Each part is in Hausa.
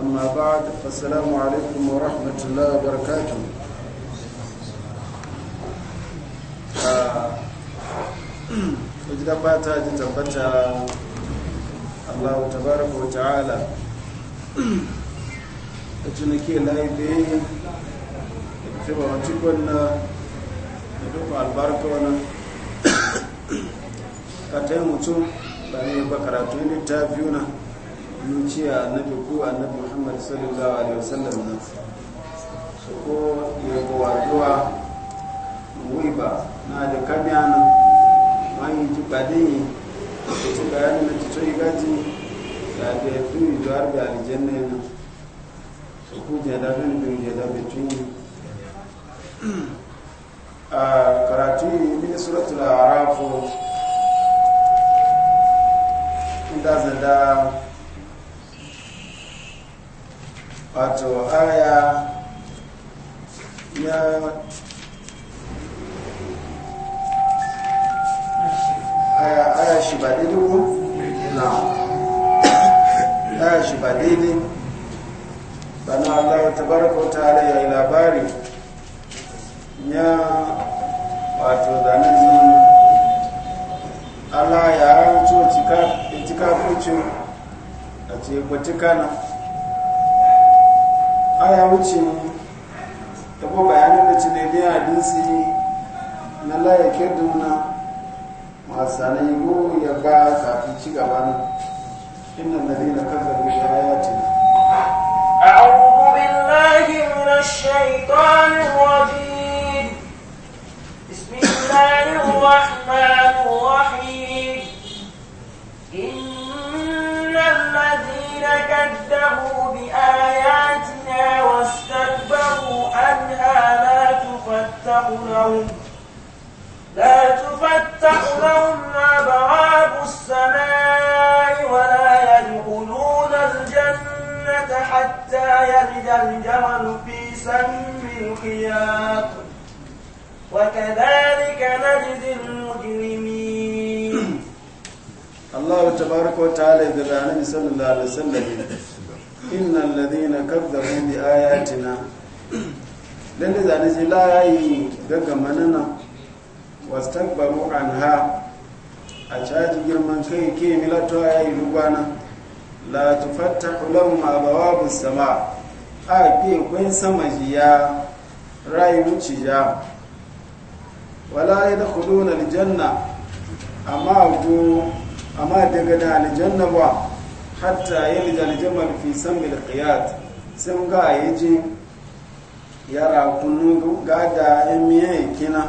أما بعد فالسلام عليكم ورحمة الله وبركاته وجد باتا تتبتا الله تبارك وتعالى أتنكي لايبي تبا وتكونا ندوك البركة ونا كتير mutum ba ne ba karatu a annabi ko annabi muhammad sallallahu alaihi wasallam na su ko yego waduwa ba na da na wani ji badin da ci bayani na ci tsoyi gaji da da ya fi yi zuwa da na yana so ko jada bin bin jada bitun a karatu min suratul a'raf inda zada wato aya ya aya aya shi ba daidai ko? na aya shi ba daidai bana Allah ta baraka wata ala yi labari ya wato zanen zini Allah ya rancu itikafin a ce kwatikana aya wuce ko bayanin da ci daidai hadisi na layakin duna masanai ya ba fi ci gaba na inna lalina kan zarbi shayatina الجمل في سم الخياط وكذلك نجزي المجرمين الله تبارك وتعالى إذا النبي صلى الله عليه وسلم إن الذين كذبوا بآياتنا lalle zane shi layi daga manana wasu takbaru an ha a caji girman kai ke milato ya yi rugwana la tufatta kulon ma bawa sama a ke sama jiya wuce ya? wala ya da kudu na aljanna amma ku amma daga da aljanna ba hatta yin da aljanna fi san mil qiyat sun ga yaji ya rakunu ga da yan miye kina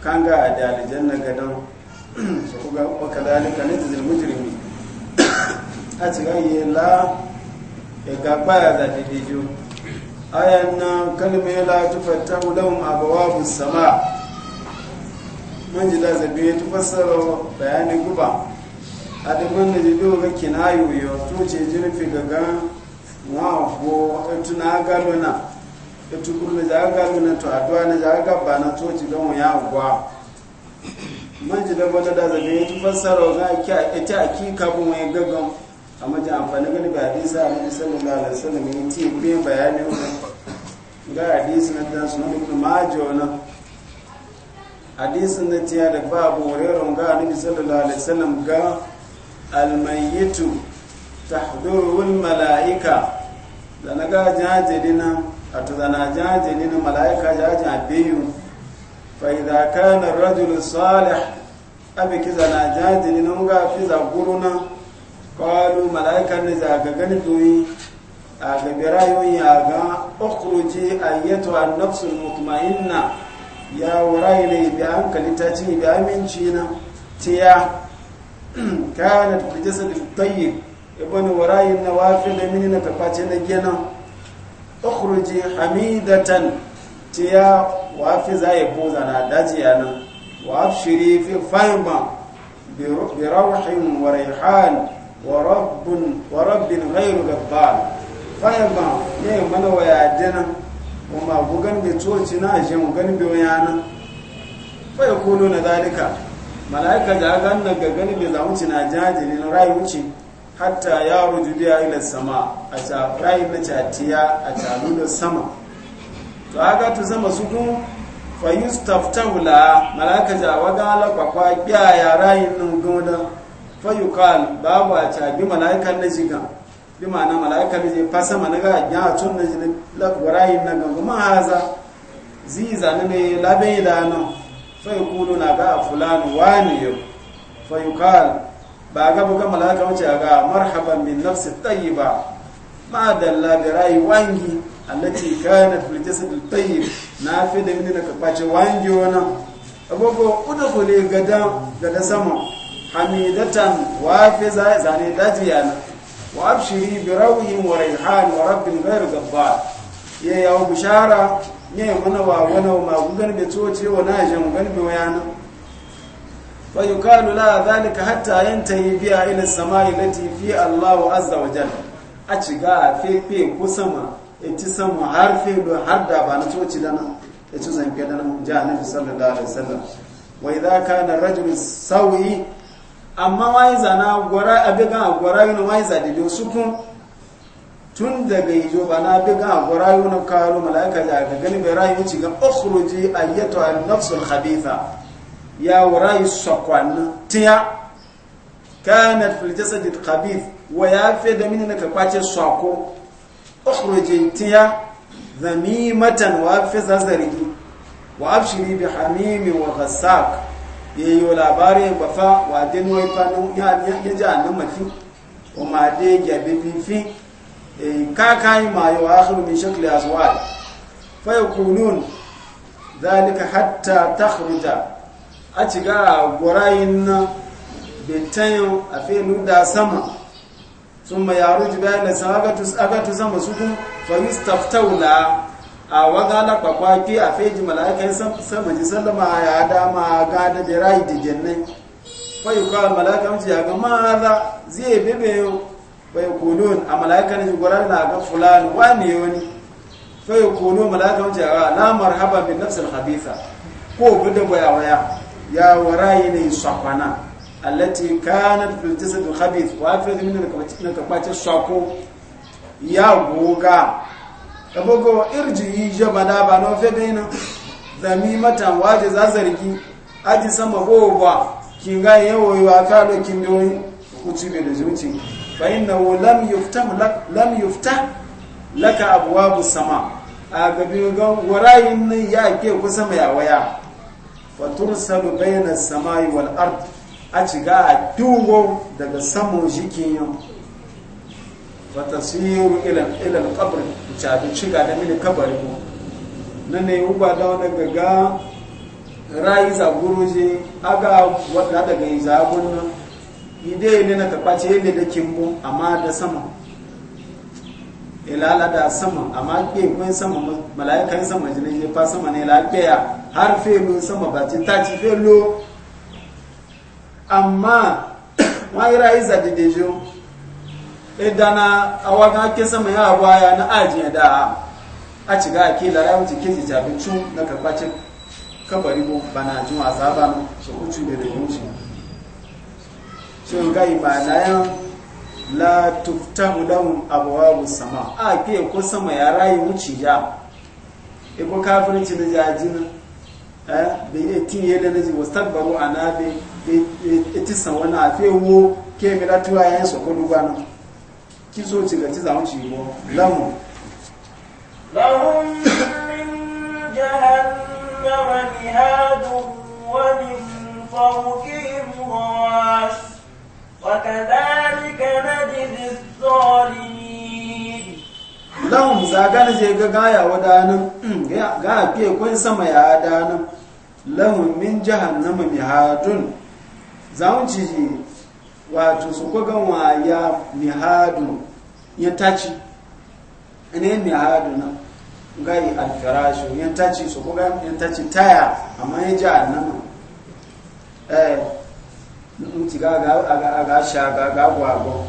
kan ga da aljanna gadan su ga wa kadalika najzil mujrimin a cikin la igagba ya da didijo ayan nan kalmai la tufatta lahum abawabu sama man ji da zabi ya tufassara bayanin guba a dukkan da jibi ga kinayu yo to ce jirfi gaga wa ko tuna galona da tukur da za a galona to a adwa na a gaba na to ci don ya gwa man ji da bada da zabi ya tufassara ga ki a ita akika bu mai gagan amma ji amfani gani ba hadisa a nabi sallallahu alaihi wasallam yin ti be bayani wani ga hadisi na da sunan ibn majah wannan hadisin na tiya da babu wurin ga nabi sallallahu alaihi wasallam ga almayyitu tahduru malaika da na ga jajirina a zana da na jajirina malaika jajin a biyu idza kana ar-rajulu salih abiki zana jajirina ga fi zaguruna kalu mala'ikan da za ga gani doyi a gabi rayuwar ya ga okuruji ayyatu an nafsul mutmainna ya wurayi ne bi hankali ta ci bi aminci na tiya kayanat fi jasad tayyib ibn wurayi na wafi da mini na tafaci na gina okuruji hamidatan tiya wafi za ya boza na daji yana wa abshiri fi fahimma bi rawhin wa raihan wa rabbin ghairu gabbar fayama ne mana waya dana kuma gugan da coci na ashe mu gani bi wayana fa yakulu na zalika malaika da gan na ga gani bi zamuci na jajiri na rayu wuce hatta ya ruju biya ila sama a ta rayu na catiya a talu da sama to aga to zama su kun fa yustaftahu la malaika da waga la kwakwa ya rayu nan godan fayukal ba a ca bi mala'ikan na jiga bi ma'ana mala'ikan na jiga fasa mana ga ya tun na jini lagwarayin na ganga ma haza ziza ne ne nan idanu kulu na ga fulani wani yau fayukal ba ga buga mala'ikan wuce ga marhaban min nafsi tayyiba ma dalla bi rayi wangi allati kanat fil jasad al tayyib na fi da min na kafa ce wangi wana abugo udkhuli gada gada sama hamidatan wafiza zane dajiyana wa abshiri bi rawhin wa rayhan wa rabbin ghayr gabbar ya yawo bishara ne mana wa wana ma gugan da toce wa na jan gan bi wayana fa yukalu la zalika hatta yantahi biya ila samai lati fi Allah azza wa jalla a ciga fe fe ko sama ci sama har fe har da ba na toce dana ci zan ke dana mu ja annabi sallallahu alaihi wasallam wa idha kana ar-rajulu sawi amma wani zana gwara gan agwara yi na wani zadide su kun tun daga ijo ba na gan agwara yi na karo mala'ika ya ga gani bai rayu ci ga okuruji yato a nafsul habitha ya wura yi sakwanni tiya ka na filjasa da habith wa ya fi da mini na kakwace sako okuruji tiya matan wa fi zazzari wa afshiri bi hamimi wa ghasak ya yi labarin ba fa wa den wai fanu ya ji annan mafi wa ma de gyabe e ka kayi ma yau akhiru min shakli aswad fa yakunun zalika hatta takhruja a ga gurayin na betayin a fenu da sama sun ma yaro ji da sama aka su kun fa staftauna a waga la kwakwa ki a feji mala'ikai sama ji sallama ya dama ga da da da jannai fai kwa mala'ika mace ya ga maza zai bebe yau fai kulun a mala'ika ne gwarar na ga fulani wani wani fai kulun mala'ika mace ya ga la marhaba bin nafsal habitha ko gudu waya waya ya warayi ne sakwana allati kanat fil jasad khabith wa fi min al-kabati sako ya goga ɗabogo irji jabada ba na wafe gaina zami mata waje za zargi aji sama gowa ki ga yawo wa kalo kin doyi kuci da zuci fa inna lam yuftah lam yuftah laka abwabu sama a gabi ga warayin nan ya ke kusa mai waya fa tursalu bayna samai wal ard a ciga dugo daga samo jikin yau wata siru ilan kabri cabi ciga da mini kabari ko na ne uba da wani gaga rayu zaguruji aga wadda daga yi zagun nan ide ne na kaɓace yadda da kimbo amma da sama ilala da sama amma ke kun sama mala'ikan sama jini ne fa sama ne lafiya har felo sama ba ci ta ci felo amma wa yi rayu zadidejin idana a wagan sama mai abuwa ya na ajiya da a ciga a kila ya wuce keji cun na karfacin kabari ko bana jin wasa ba no su kucu da da yunci sun gai ba na yan la tuftahu abuwa bu sama a ke ko sama ya rayu wuce ya ibo e ci da jajin eh da yake tiye da naji wastakbaru anabe e, e, san wani afewo ke mi ratuwa yayin sokodu ba no kizo ci ga ci za mu ci bo lamu lahum min jahannama mihadu wa min fawqihim ghawash wa kadhalika najzi adh-dhalimin lahum zagan je ga gaya wadanan mm, ga fiye kun sama ya danan lahum min jahannama mihadun za mu ci wato su kogan waya mihadu ya taci ne mihadu na gai alfarashu ya taci su kogan ya taci taya amma ya ji annama eh mutu ga ga sha ga ga gwago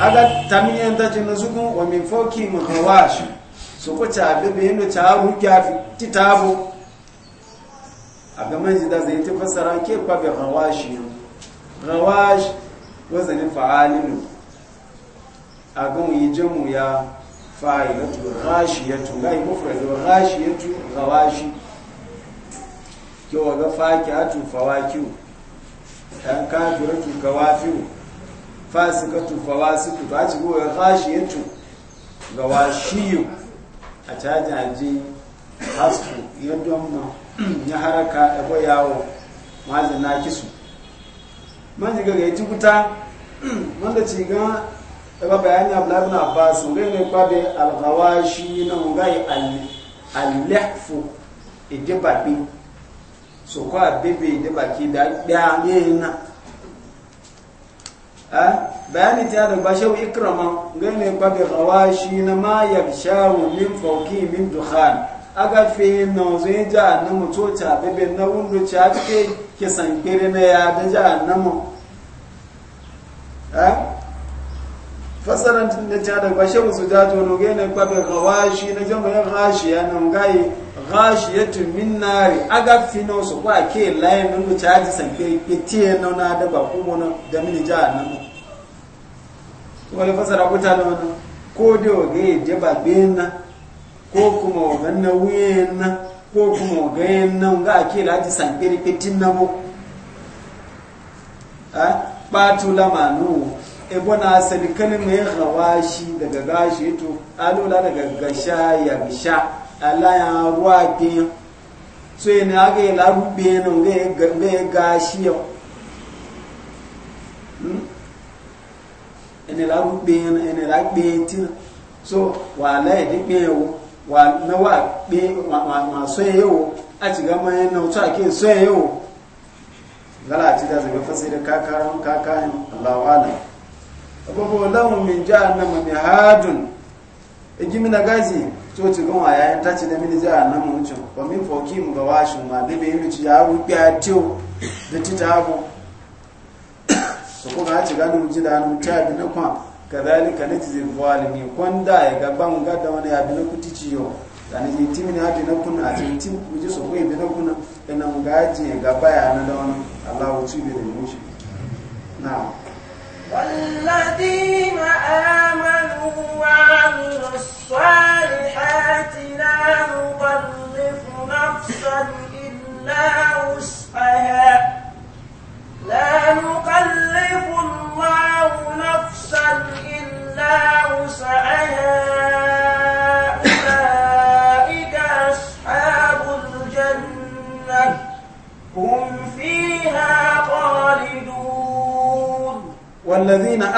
aga tamin ya taci na sukun wa min foki mahawashi su ko ta bebe yadda ta rukya ti tabo a gaman jida zai ta fassara ke kwabe hawashi yau rawaj wazanin fa'alinu a gan yi jamu ya fa'ilatu ghashiyatu ga yi mufradu ghashiyatu rawashi kyau ga fakiatu fawakiu dan kafiratu kawafiu fasikatu fawasiku to a ci goya ghashiyatu gawashiyu a cajaji hasku yadda ya haraka ɗabo yawo mazina na kisu manji ga gaiti kuta wanda ce ga ba bayani abdullahi ibn abbas ngai ne ba be al-ghawashi na ngai al-lahfu idibabi so ko abebe idibaki da da na a bayani ta da bashaw ikrama ngai ne ba be shi na ma yakshawu min fauki min dukhan aga fe na zai e ja na mutota bebe na wundu cha take kisan kere na ya da jahannama eh fasaran da ta da bashe musu jato no gene kwabe gawashi na jama ya gashi ya nan gai gashi ya tumin nari aga fino su kwa ke layin nan da caji san kere ke tiye na na da ba kuma na da mini jahannama wani fasara kuta na wani ko da ga ya jaba bena ko kuma wannan wuyen na ko kuma gayen nan ga ake lati san kirkitin na bu a batu lamanu ebo na asali mai hawa shi daga gashi to alola daga gasha ya gasha ala ya ruwa ke so yana aka yi larube nan ga ya gashi yau hmm? ene larube yana ene larube yana so wala ya dikpe yau wa na wa be ma so yau a ci ga mai na wuta ke so yau gala ci da zaga fasira kakaran kakaran Allahu alam abubu lahum min jahannama mihadun ejimi na gazi to ci ga wa yayin ta ci da mini jahannama wucin wa min foki mu ga washin ma da bai wuci ya rubi a tiyo da titabo so ko ga ci ga mu da mu ta bi na kwa kadhalika najzi zalimi kwanda ya gaban gada wani abin na kuti ciyo dan ji timin hadi na kun a cikin tim kuje so ko ibn kun ina ngaji ya gaba ya na da wani Allah wuci bi da mushi na amanu wa وعملوا الصالحات لا نضل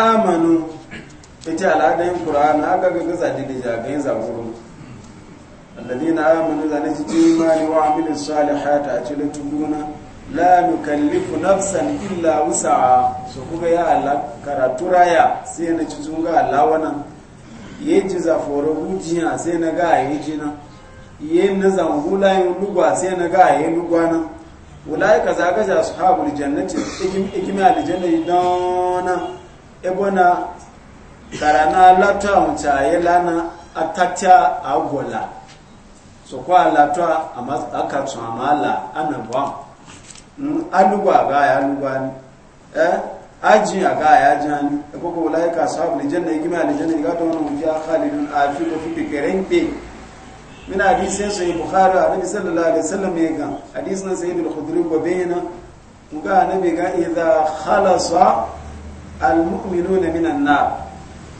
amanu ita al'adayin na aka gaga zaɗi da jagayin zaburu na amanu zane su ji imani wa amilin salihata a cikin tuguna la kallifu nafsan illa wusa su kuga ya Allah karatu raya sai na ci tunga ga alawana ya ji zaforo hujiya sai na ga yi jina yi na zangula yin lugwa sai na ga yi lugwa nan ulai ka zagaja su ashabul jannati ikimi aljanna idana ebona karana lata unta yelana atata agola so kwa lata akatsu amala anabwa hmm, alugwa ga ya alugwa ni eh aji aga ya jani ekoko ulaika sahabu ni janna igima ya janna igato wana mujia khalidun afiko fipi kerempe mina hadisi yesu yi bukhari nabi sallallahu alaihi wasallam yega hadisi na sayyidul khudri wa baina muga nabi ga idha khalasa almu'minuna minan nar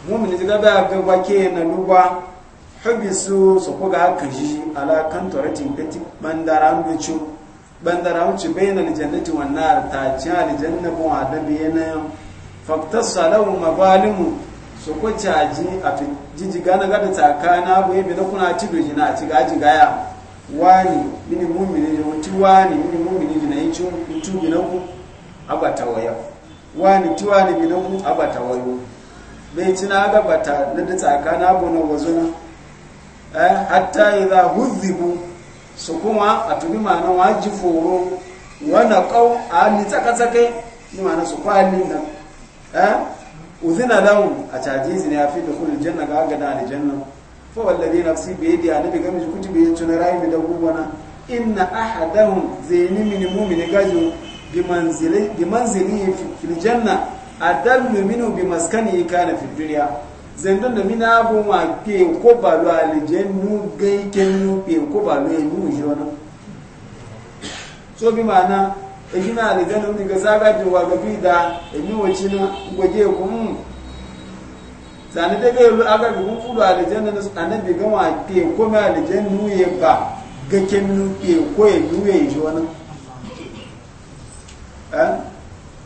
mu'mini ga da ga wake na luba habisu su ko ga kaji ala kan toratin kati bandaran bicu bandaran ci bainal jannati wan nar ta ci al jannatu wa da bayana faktasa lahu mabalimu su ko caji a jijiga na gada takana bu yi na kuna ci a ci gaji gaya wani mini mu'mini ne wuti wani mini mu'mini ne yi ci tubi na ku abata wayau wani tiwa ne gidan ku abata wayo bai ci na bata na da tsakana abu na wazuna eh hatta idza huzibu su kuma a tubi ma'ana waji foro wana qau ali tsaka tsake ni ma'ana su kwali nan eh uzina lahum a caji zina ya fi da kullu janna ga ga da aljanna fa wallazi nafsi bi yadi annabi ga miji kuti bi tunarayi da gubana inna ahadahum zaini min mu'mini gajo bi manzili fil janna adallu minu bi maskani kana fi dunya zendon da mina bu ma ke ko balu nu gai kennu pe ko balu enu jona so bi mana ejina alijannu diga saga ji wa gabi da enu ko goje ku mu zane da ga aga bi mun fudu na annabi ga ma ke ko ma alijannu ye ba ga kennu pe ko enu ye jona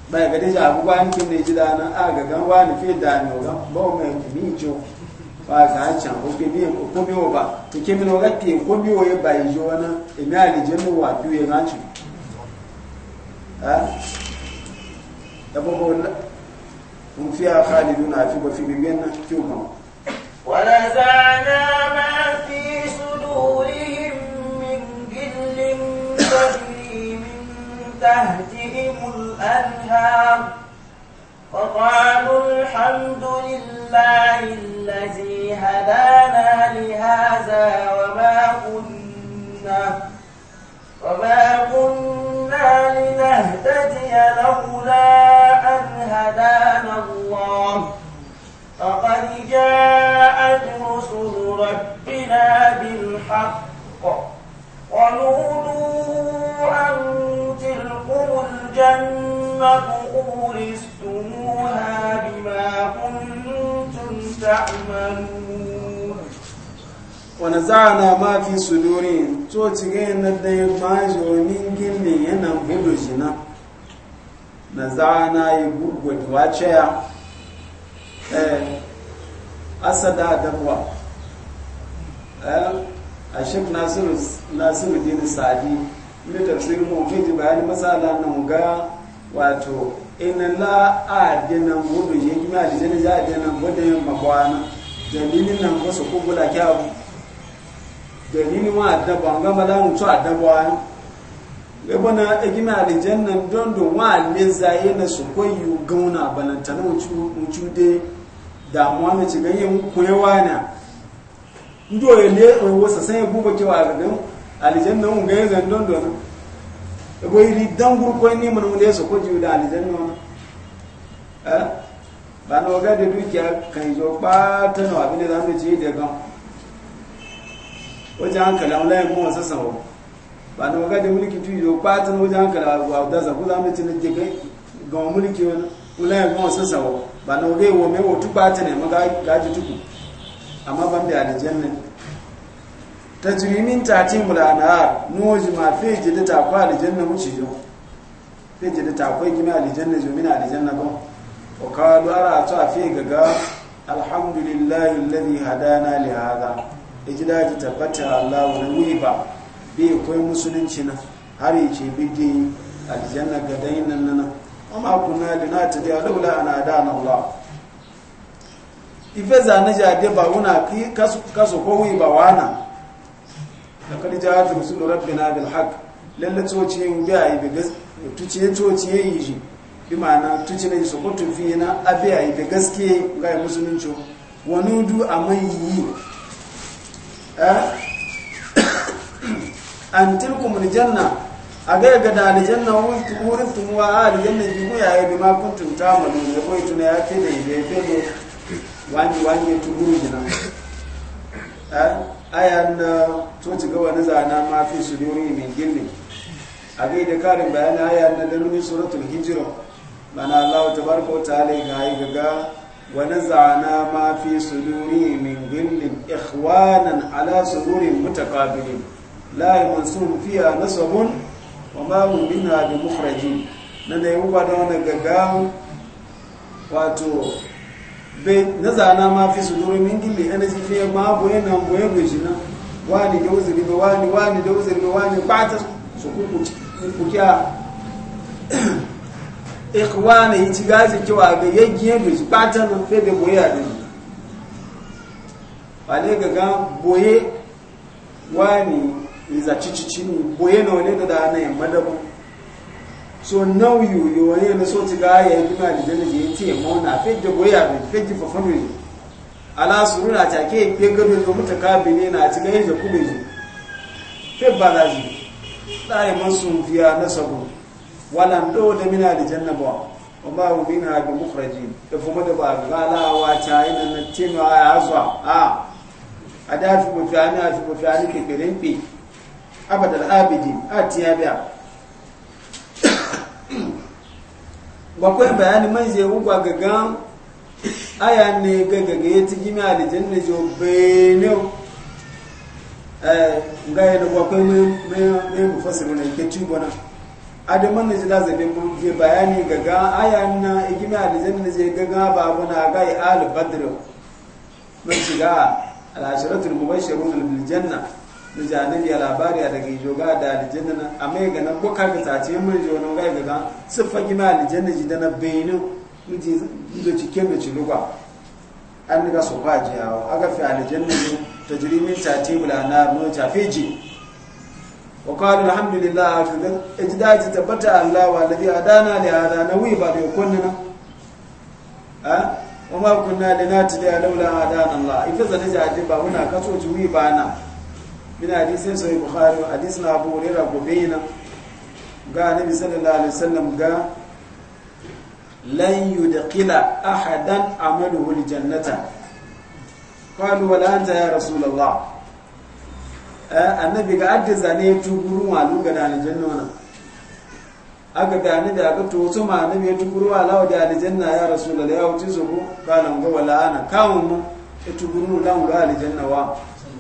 ba ga deja abu gwani kin ne jida na aga gan wani fi da ne ga ba mu mai ni jo ba ga an can biye ko ba to ke min ga ke ko biye ba jo na e mi ali je mu wa biye na ci ha da bo ko mun fi ba na wala zana ma الأنهار فقالوا الحمد لله الذي هدانا لهذا وما كنا وما كنا لنهتدي لولا أن هدانا الله فقد جاءت رسل ربنا بالحق ونودوا أن تلكم الجنة أورثتموها بما كنتم تعملون ونزعنا ما في صدورهم توتيغين ندين ماجو من جمي ينام هدوشنا نزعنا يقول واتشيا أسد أدبوا أه a nasiru dini sadi mini tafsir mu ke ji bayani masala nan ga wato ina la adina gudu ya gima da jini ja adina gudu ya mabwana dalilin nan wasu kubula kyawu dalilin wa adaba ga malamu to adaba lebona egima alijanna dondo wa aleza yana su koyu gauna balantana mu cude damuwa na ci ganyen kuyewa na ndo ele wo wasa e bubo ke wa gadan alijanna mun ga zan don don ko boy dan gur ko ni mun ne so ko da alijanna wona eh ba no ga de dukiya kan zo ba ta no abin da zamu ji da gan o hankali an layin mu wasa sawo ba no ga de mulki tu yo ba ta no wajen hankali wa da za ku zamu ci ne kai ga mulki wani ulayin mu wasa sawo ba no ga wo me wo tu ba ta ne ma ga ga ji tuku amma ban da aljanna tajrimin tatin mulana noji ma fe da ta kwa aljanna muci jo fe da ta kwa gimi aljanna jo mina aljanna ba wa qalu ara ta fi gaga alhamdulillah alladhi hadana li hada da ji tabbata Allah wa ni ba bi koi musulunci na har yace bidin aljanna gadain nan nan amma kuna na ta da lula ana da na Allah ife zane jade ba wuna kasu kowai ba wana da karja ta rabbi na bil haq lalle coci yin biya yi bi tuci coci yi shi bi ma'ana tuci yi su kutu fi na abiya yi bi gaske ga yi musulunci wani du a mai yi eh? an tilkum janna. a ga ga da aljanna wurin tumuwa a aljanna bi ku yayi bi ma kuntum ta malu ne ko ituna ya ke da ibe ne wani wani tuguru gina eh, ayan eh, to ci gaba wani zana ma fi su duri mai gilli a gai da karin bayan ayan na dalilin suratul hijira mana allahu tabaraka wa ta'ala ga yi gaga wani zana ma fi su duri min gillin ikhwanan ala su duri mutakabilin la yi mansur fiya nasabun wa ma mu bina bi mukhraji na da yi wuba da wani gaga wato be na zana ma fi su duru min gilli ana ji fiye ma bu yana mu ya guji na wani da uzuri be wani wani da uzuri be wani ba ta su ku ku kya ikhwana yi ciga su kiwa ga yaggi ya guji ba ta nan fe be boye da ni wale ga ga boye wani za cicicini boye na wani da da na yamma da so nau yu yu wani yana so ti ga ya yi ma da jana je ti yamma na fejje goya bi fejje fafano yi ala suruna ta ke ke gado to muta ka bi ne na ti ga yaje kube ji fe ba da ji da ya man sun fiya na sabo wala ndo da mina da janna ba wa ma hu bina bi mukhrajin da fuma da ba gala wa ta ina na tinu a azwa a adafi ah. mutani afi mutani ke kerenpi abadal abidin atiya biya bakwai bayani man ugwa gagan aya ne gagaga ya gimi alijanna jo bene ga ya da bakwai mai aya na ke cibona adaman na ji lazabin mun je bayani gaga aya na gimi alijanna je gaga babu na ga ya alibadar mai shiga al'ashiratul mubashirun aljanna na janibi ya labari a daga ga da alijanna na amma ya gana ko kaga tace mun jo na ga ga sifa gima alijanna ji da na bayinu muji da cikin da ciluwa an ga su ba a aga fi alijanna ne tajrimin tatibul na no fiji wa qala alhamdulillah ajda ijda tabbata allah wa alladhi adana li hada nawi ba da kunna ha wa ma kunna a laula adana allah ifa zanaja ba muna kaso ba bana min hadisin sahih bukhari hadisin abu hurairah gobeina ga annabi sallallahu alaihi wasallam ga lan yudqila ahadan amaluhu aljannata qalu wala anta ya rasulullah annabi ga addiza ne tuguru malu ga aljanna wannan aga da ni da ga to so ma annabi tuguru ala da aljanna ya rasulullah ya wuce su ko kana ga wala ana kawun mu tuguru lan ga aljanna wa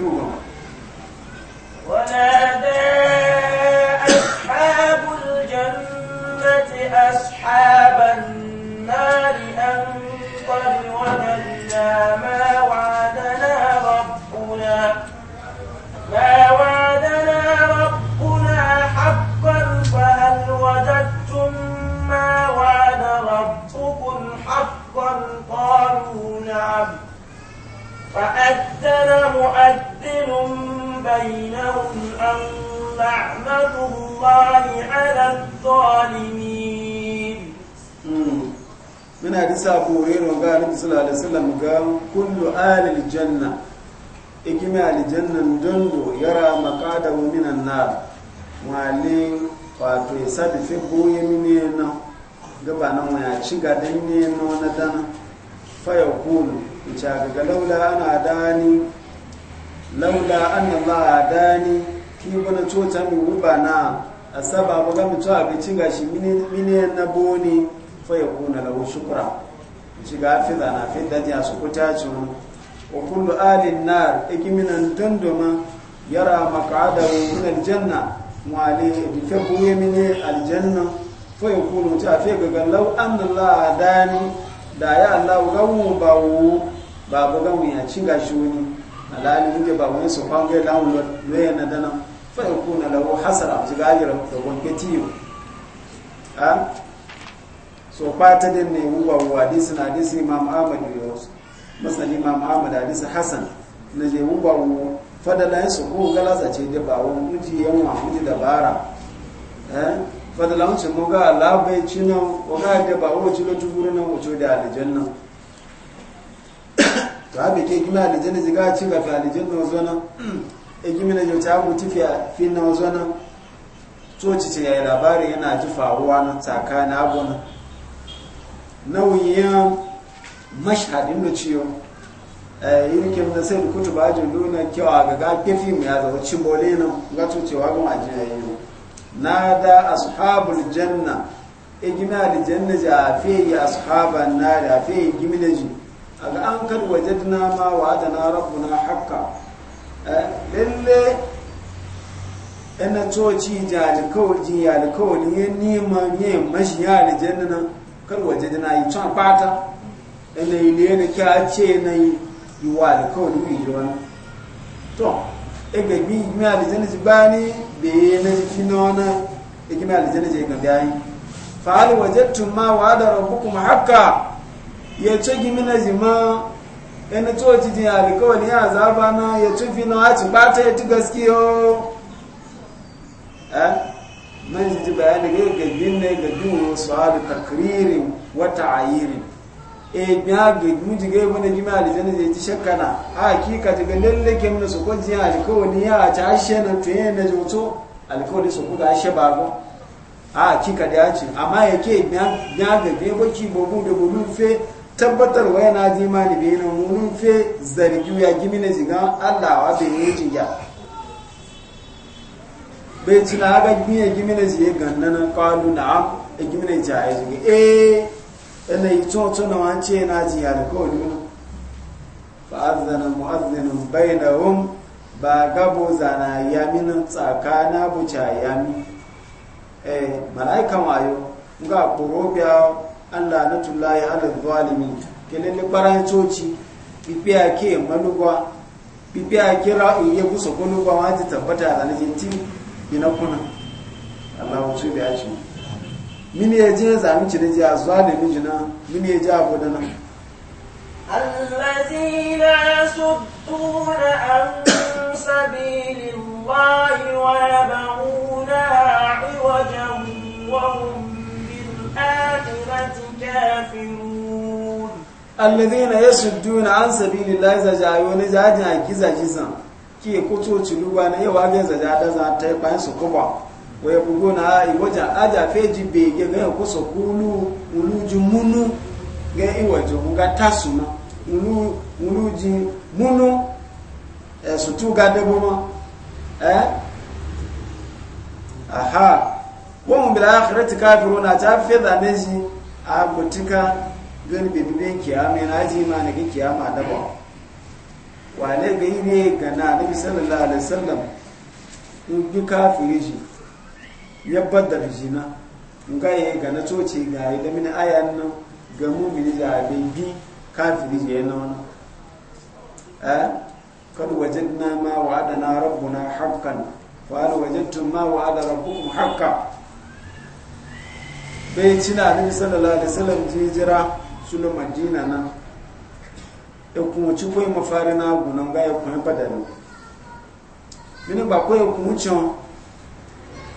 توبوا ونادى أصحاب الجنة أصحاب النار أن قد وجدنا ما وعدنا ربنا ما وعدنا ربنا حقا فهل وجدتم ما وعد ربكم حقا قالوا نعم فأذن مؤذن بينهم أن لعنة الله على الظالمين من حديث أبو هريرة قال النبي صلى الله عليه وسلم قال كل آل الجنة إجمع الجنة دندو يرى مقاده من النار معلم wato ya sabi fi goye mini na gaba nan ya ci gadan ne na wadana faya kulu wuce ga laula ana dani laula an Allah dani ki bana ruba na a saba, ba ga mutu abincin gashi shi mini na boni fa ya kuna lahu shukra shi ga fi da na fi daji su kuta ci wa kullu alin nar ikiminan dandoma yara maqadahu min aljanna wale bi fa buye mini aljanna fa ya kuna ta fi ga lau, an Allah dani da ya Allah ga wu ba wu ba bu ga mu ya ci ga shuni alali muke ba wani so kwange da mu loye na dana fa yakuna lahu hasara ji ga ajira da wanke tiyo a so ta din ne wu ba wu hadisi na hadisi Imam Ahmad yo masali Imam Ahmad hadisi Hasan na je wu ba wu fadala yin su ko galaza ce da ba wu muji yanwa muji dabara eh fadala wuce mu ga labai cina wa ga da ba wa cilo tuguru nan wuce da aljanna to bi ke gima aljanna ga ci ga fi aljanna wazo nan e gimi na jota mu tifi fi na wazo nan to ci ce yayi labari yana ji faruwa na tsakanin abuna nauyin mashhadin da ciyo yirkin eh, da sai a ajin na? kyau a ga gafe fim ya zama cimbole nan ga cewa ga yi nada ashabul janna e gina aljanna ja fi ashaban nar ja fi a aga an kad wajadna ma wa'adana rabbuna haka lalle ina coci ja da kawai ya da kawai ne nima ne mashi ya aljanna nan kar wajadna yi can fata ina yi ne ne ka ce na yi wa da kawai ne yi to egbegbi igimi alijani ti bá ní bèèrè na fi nọ́ọ́nà igimi ti gbàgbé ayé fàálì wàjẹ́ tún wà á dàrọ̀ hukum haka ya tó gimi na zima ẹni tó ti di àríkọ́wà ní àzába náà ya tó fi náà ti bá tẹ́ ti na ji e? ti bayani ga egbegbi na egbegbi wata ayirin e biya ga muji ga mun ji ma aljana je ji shakkana a hakika ga lalle ke mun su ko ji alkawari ya ta ashe na to yin da joto alkawari su ku ga ashe ba go a hakika da yaci amma yake biya biya ga be baki bobu da bobu fe tabbatar wa yana ji ma ni be na mun fe zargi ya gimi na ji ga Allah wa be e ne ji ya bai ci na ga gimi ya gimi na ji ga nan na na'am gimi na ji a ji eh ina yi coco na wance na ji ya da kawai mu, fa'azana mu'azinin bainahum ba gabo zana yaminin tsaka na buca yami eh mala'ikan wayo ga korobiya allah na tulaye alin zalimi kele ni kparan coci pipi ake malugwa pipi ake ra'ayi ya gusa kunugwa wata tabbata a zanajin tim yana kuna allah wasu biya shi mini ya je cire a zuwa da mijina, jina mini ya je a gode nan. Allazina su tura an sabilin wahi wa yaba muna haɗi wajen wahun bin adirati ya an a gizajisan ke kuto ciluwa na yawa zai zaja da za ta yi su kuma. wa yaquluna ai waja aja feji bege ga ko so kulu uluji munu ga eh, iwaje ga tasuna ulu uluji munu ga debo ma eh aha wa mu bil akhirati kafiruna ta fi da neji a butika gani bibibe kiyama na ji ma na kiyama dabo wa ne ya badda da rijina. nga yi ga na coci ga yi da mini ayan nan ga mumini da abin bi kafin je na wani kan wajen na ma rabu na haqqan wa wajen tun ma wa'ada mu haka. bai ci na nabi sallallahu alaihi wasallam je jira na madina e nan ya kuma ci koyi mafari na gunan ga ya kuma badani mini ba koyi kuma cin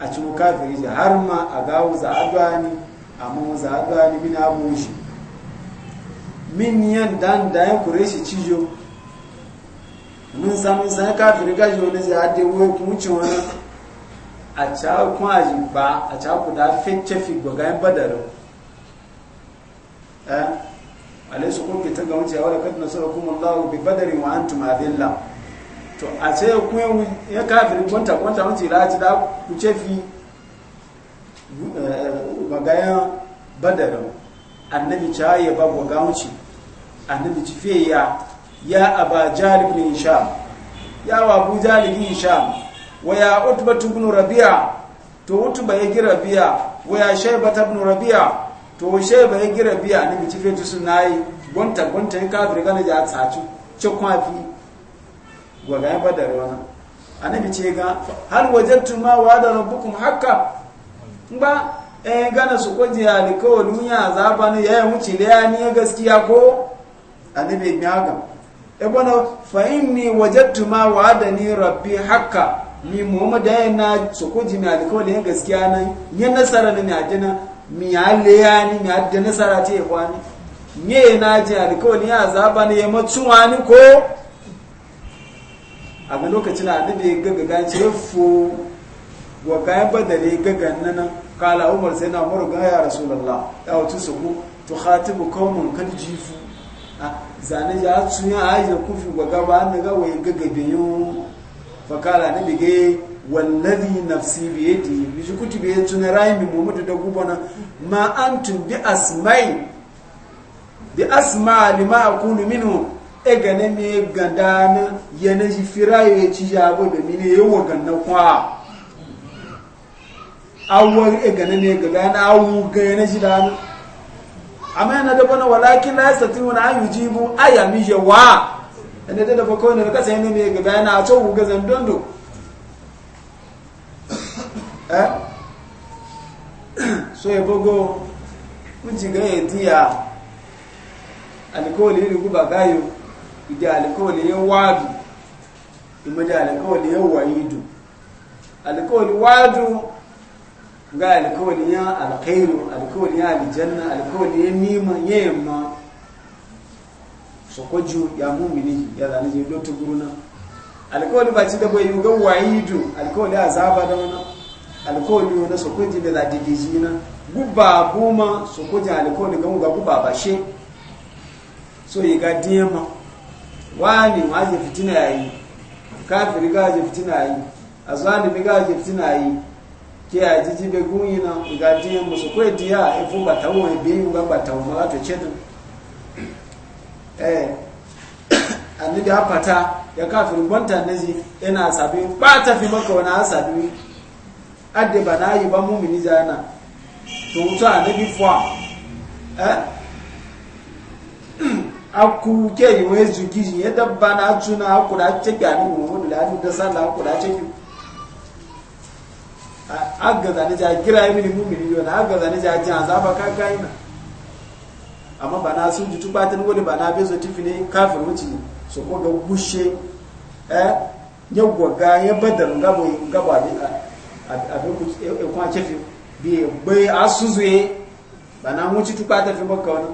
a cikin kafiri ji har ma a gawo za a gani amma za a gani min abu shi min yan dan da ya kure shi cijo mun san mun san kafiri gaji wani zai hade wai kuma ci wani a ca kuma a ji ba a ca ku da fece fi gwagayen badarin eh alaisu kuma fita ga wuce a wadda kadina sura kuma allahu bi badarin wa antum adillah to a ce kun ya kafin kwanta kwanta wuce ra ci da ku ce fi eh, magayan badarin annabi ca ya ba gwaga wuce annabi ci fiye ya ya aba jalib ne sha ya wa abu jalib sha wa ya utba tubnu rabi'a to utba ya gira biya wa ya shayba tabnu rabi'a to shayba ya gira biya annabi ci fiye to sunayi gwanta gwanta ya kafin gane ya tsaci ce fi. gwaga badar wani annabi ce ga hal wajattu ma da rabbukum hakka ba eh gana su kwaje alikawa duniya azaba ne yayin wuce da ya ni gaskiya ko annabi ya ga e bana fa inni wajattu ma da ni rabbi hakka ni muhammad ya na su kwaje mi alikawa ne gaskiya nan ya nasara ne ya jina mi ale ya ni ya yi nasara ce na ji alikawa ne azaba ne ya matsuwa ni ko a ga lokacin annabi gaga gan ce fu wa ga badare gaga nan kala umar sai na umar ga ya rasulullah ya wuce su ku to khatibu qaumun kad jifu ah, zane ya a ayi da kufi ga gaba an ga waye gaga biyu fa kala annabi ga wallazi nafsi bi yadi bi kutu bi tsunya rai mi mu da gubana ma antum bi asmai bi asma lima akunu minhu e gane me ganda na yana ji firayo ya ci jabo da yi wa ganda kwa awon e gane me ganda na awu ga yana ji da na amma yana da bana walakin la yastatimu na yujibu ayami yawa ene da dafa kawai daga kasa yana mai gaba yana a cewa ga zandondo eh so ya bugo kun ci ga ya tiya alkawali ne guba gayo ìdí àlìkọ́ọ̀lì yẹn wáàdù ìmọ̀dé àlìkọ́ọ̀lì yẹn wàyídù àlìkọ́ọ̀lì wáàdù ga àlìkọ́ọ̀lì yẹn àlìkẹ́rù àlìkọ́ọ̀lì yẹn àlìjẹ́nà àlìkọ́ọ̀lì yẹn mímọ̀ yẹn mọ̀ sọ̀kọ́jú yàmú mi ní yàrá ba ci dabo yi gan wayidu da wani alkawali wani da na guba goma su kunji alkawali gan ga bashe so yi ga wani waje je fitina yayi kafiri ga je fitina yayi azalimi ga je fitina yayi ke a jiji be gunyi na ga mu musu ko diya e fu bata wo e bi ga ba wo ma to chedu eh annabi ha fata ya kafiri gwanta naji yana sabi ba ta fi maka wani asabi adde ba na yi ba mumini jana to mutu annabi fuwa eh aku ke yi wai zuki ya dabba na tuna aku da ce ga ni mu da ni da sallah aku da ce aga da ni ja gira mini mu mini yo na aga ne ni ja ji azaba ka kai na amma bana sun ji tubatin wani bana bezo tifine kafin wuce so ko ga gushe eh ya gwaga ya badar ngabo ngabo abi abi ku e, e kwa chefi bi gbe asuzuye bana mu ci tubata fi bakka wani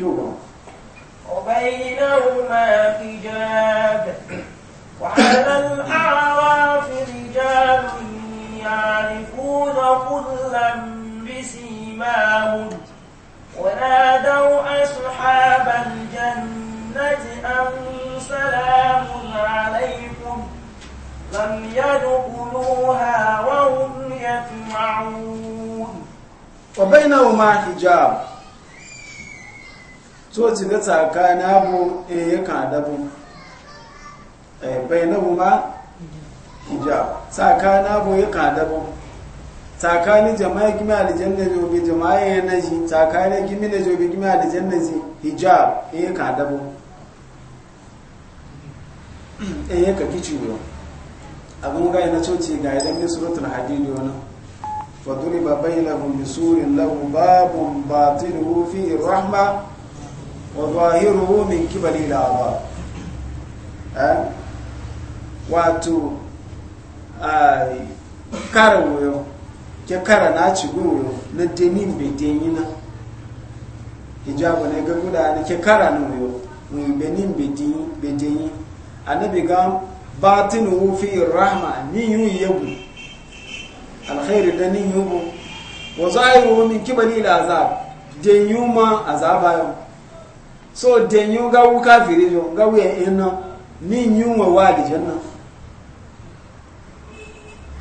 وبينهما حجاب وعلى الأعراف رجال يعرفون كلا بسيماهم ونادوا أصحاب الجنة أن سلام عليكم لم يدخلوها وهم يطمعون وبينهما حجاب so ci ga na abu e eh, ya kan adabu eh, bainahu ma hijab na abu ya kan adabu tsakani jama'a gimi da jobe jama'a ya na shi tsakani gimi na jobe gimi da ji hijab e eh, ya kan adabu e ya kaki ciwo abin ga yana coci ga idan ne suratul hadidu wani فضرب بينهم بسور له باب باطنه فيه الرحمه وظاهره من قبل الأعضاء wato kara wuyo ke kara na ci wuyo na denin bai denyi hijabu ne ga guda na ke kara na wuyo mun benin A na annabi ga batin wufi rahma ni yu yabu alkhairu da ni yubu wa zahiru min kibali la azab a azaba yau so nyu ga wu firi yo ga wu no ni nyu wa wa di janna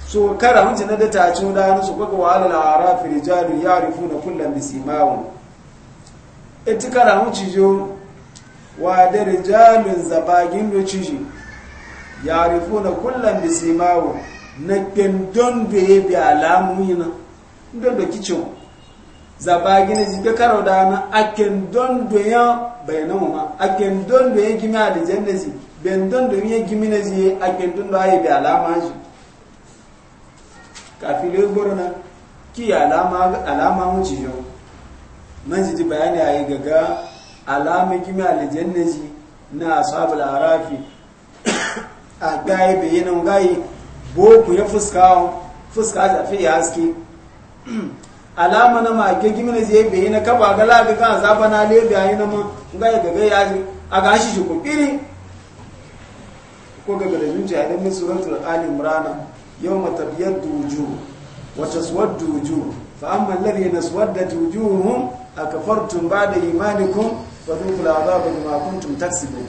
so kara hunje na da ta ci da su ko ga wala na arafi rijalu yarifuna kullam bisimawu etikara mun ci jo wa da rijalun zabagin do ci ji yarifuna kullam bisimawu na kendon be be alamu yana ndo do kicin zaba gina jibe karo da na aken don doya bayanan ma aken don doya gimi a lijan da zi ben don doya gimi na zi aken don doya bi alama shi kafin lai gboro na ki alama alama wuce yau man ji ji bayani a yi gaga alama gimi a lijan da zi na asabul arafi a gaye bayanan gaye boku ya fuska fuska ta fi haske alama na mage gimina zai bai na kaba ga la ga kan zaba na le bai na ma ga ga ga ya ji a ga shi ko iri ko ga ga da zuciya da min suratul ali imran yawma tabyaddu wujuh wa taswaddu wujuh fa amma alladhina swaddat wujuhum akafartum ba'da imanikum wa dhuqul adhaba bima kuntum taksibun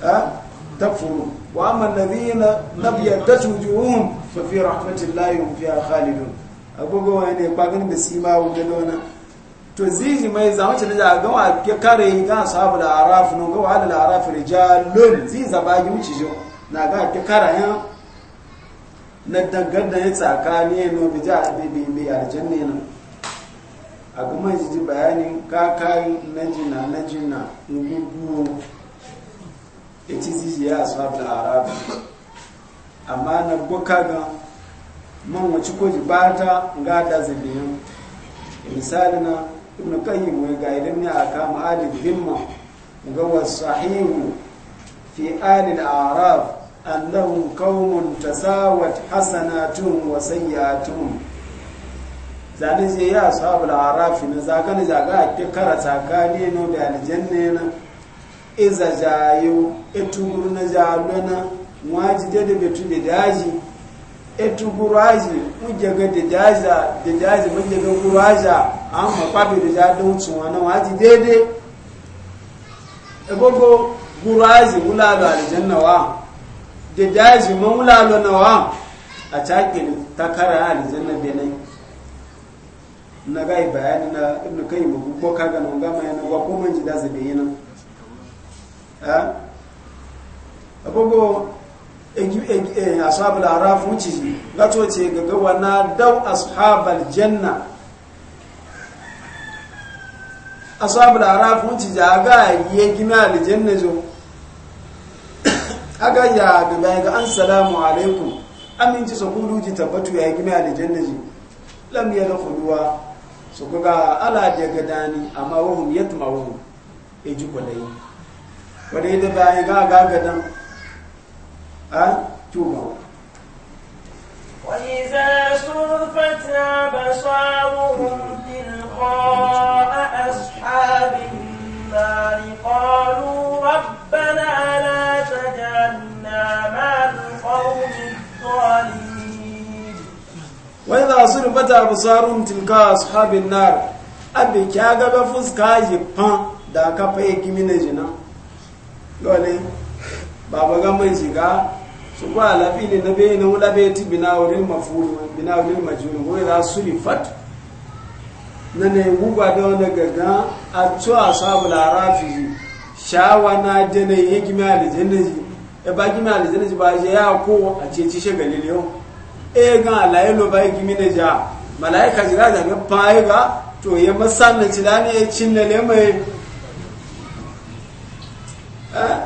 ha takfurun wa amma alladhina ta wujuhum fa fi rahmatillahi hum fiha khalidun agogo wani ne kwagan da sima wa wuga lona to zizi mai zama wacce da ga wa ke kare ga sahabu da araf no ga wala da araf rijalun ziza zaba yi wuce jo na ga ke kara yan na dangar da ya tsakani no bi ja bi bi bi aljanna ne a kuma ji bayanin jina na jina ngugu eti ziji ya sahabu da araf amma na boka ga man wace koji ba ta ga da zabiyan misali na ibn qayyim wai ga idan ne aka ma'alib himma ga wasahihu fi ali al-araf annahum qaumun tasawat hasanatuhum wa yi zane je ya ashabul araf na zakana zaga a karata kani no da aljanna na iza jayu etuguru na jalona waji betu da daji etu guraji mujaga ka jaza da jaji mujaga guraja an mafabi da jadon tsuwa na waji daidai egogo guraji wulalo aljanna wa da ma man wulalo na wa a cakin takara aljanna bene na gai bayani na ibn kai mu ko kaga nan gama yana wa kuma ji da zabe yana eh agogo Eh, ashabul araf wuce gato ce gaga wana dau ashabal janna ashabul araf wuce ja ga ye gina aljanna jo aga ya gaga ga an salamu alaikum aminci so kuluji tabbatu ya gina aljanna ji lam yadkhuluwa so gaga ala daga dani amma wahum yatma'un eji kwalai wadai da bayan ga ga gadan أن توبوا وإذا صرفت أبصارهم تلقاء أصحاب النار قالوا ربنا لا تجعلنا مع القوم الظالمين وإذا صرفت أبصارهم تلقاء أصحاب النار abin kya gaba fuska yi fan da aka faye gimi na jina. Lole, baba ga mai shiga su ba ne na bai na wula bai ti wurin mafuru wurin majuru wai za su rifat na ne guba da wani gaga a a sabu larafi shawa na jana ya gima alijanna ji e ba gima alijanna ji ba ya ko a ce ci shagali ne e ga alaye lo ba gimi na ja malaika jira da ga fa'i ga to ya masan na ci da ne ya cinna ne mai eh?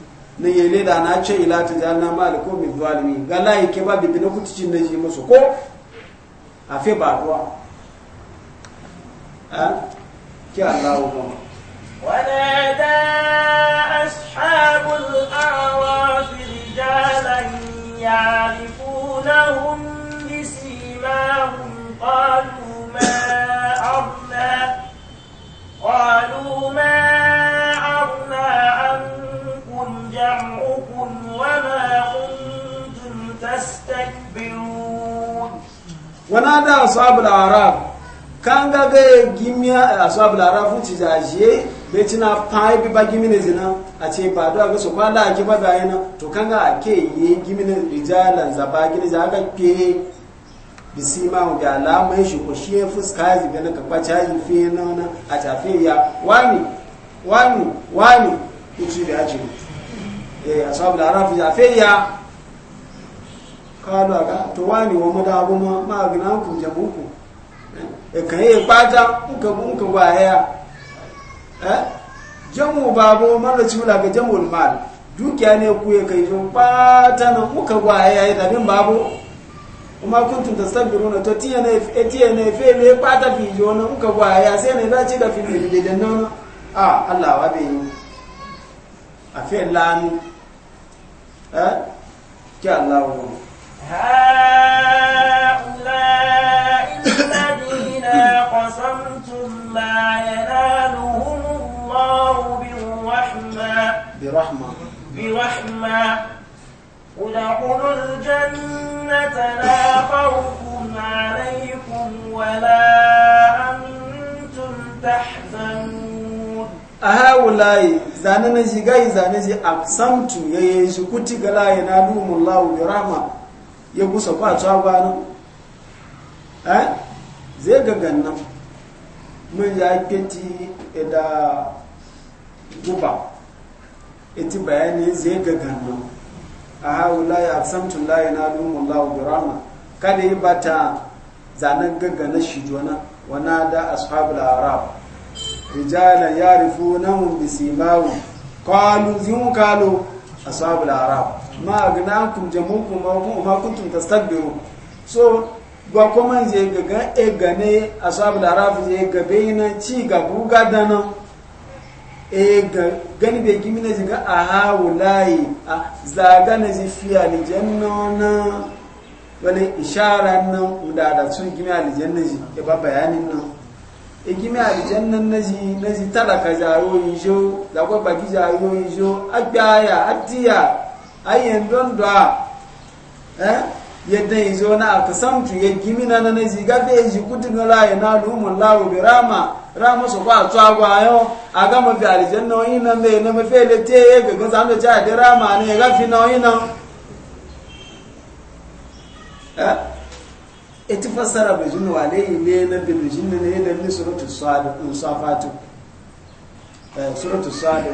na yele da na ce ila ta jana mali ko mi zalimi ga layi ke ba bibi na kutucin na ji musu ko a fi ba ruwa ki Allah ba ونادى أصحاب الأعراف رجالا يعرفونهم بسيماهم قالوا ما أغنى قالوا ما أغنى عنهم جمعكم وما كنتم تستكبرون ونادى أصحاب الأعراب كان غاغا جيميا أصحاب الأعراب تجاجي betina pai bi ba gimine zina a ce ba da ga su ba la ki ba ga yana to kanga ake yi gimine rijalan za ba gine za ga pe bisima mu da alamai shi ko shi fuska ya zibe na ka kwacha yi na na a tafiya wani wani wani kuci da ajiye Eh, ashabu al-araf ya feya kalu aga to wani wo mu da bu ma gina ku jamu kan e pata ku ka bu ku ya eh jamu babu man da ciula ga jamul mal dukiya ne ku ya kai jin pata na ku ka ba ya da bin babu kuma kuntum tastabiruna to tiya ne eh, tiya ne fe le pata fi jona ku ka ba ya sai ya da fi ah, Allah afi لان eh جاء الله wo هؤلاء الذين قسمتم لا ينالهم الله بالرحمة برحمة برحمة ادخلوا الجنة لا خوف عليكم ولا أنتم تحزنون a haulaye zane na shi gai zane shi a samtu ya yi shi kuti ga ya na lumun lawo da rama ya gusa cewa gwanin eh zai gagan nan mun ya keti da guba iti bayani zai gagan nan a haulaye a samtu laye na lumun lawo da rama kada yi bata zanen gaggana shi jona wana da ashabul arab na rijalan yarifunahum bisimahum qalu zun qalu ashabul arab ma a agnakum jamukum ma ma tun kuntum tastakbiru so ba kuma zai gaga e gane a ashabul arab je gabe na ci ga buga dana e ga gani be gimi na ga a hawu layi, a zaga na ji fiya ni na. wani isharar nan da da a gimi na ji e ba bayanin nan egime alijannan naji naji talaka jaro ijo zakwa baki jaro ijo agbaya adiya ayen don da eh yadda izo na akasamtu ya gimina na naji gabe eji kudin raye na lumun lawo bi rama rama so kwa to agwayo aga mo bi alijanna oyin na me na me fele te ye be go zando ja de rama ne ga fina oyin na eh ita fassara bai jini wa dai ne na bai jini ne da ni suratu sadu safatu eh, suratu sadu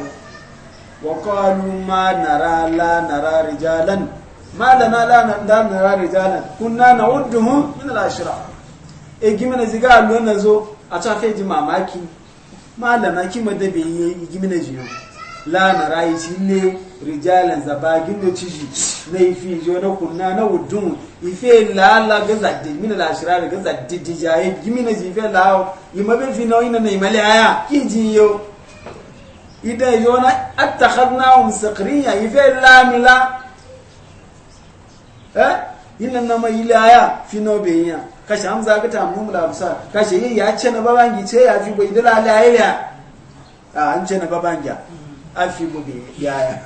wa qalu ma nara la nara rijalan ma na la nara rijalan kunna na'udduhum min al-ashraf e gimina ziga na zo a ta kai ji mamaki ma lana kima da bai yi gimina jiyo na rayi shi ne rijalan zabagin da ciji na ifi jo na kunna na wudun ife lala ga zaddi mina la shira ga zaddi dijaye gimina jife la yi mabin fi nauyi na imale aya yi yo idan yo na attakhadnahum saqriya ife la. eh yinan na mai ilaya fi no ya. kashe hamza ga ta mun la musa kashe yi ya ce na babangi ce ya fi bai dala la ya a an ce na babangi afi mu bi yaya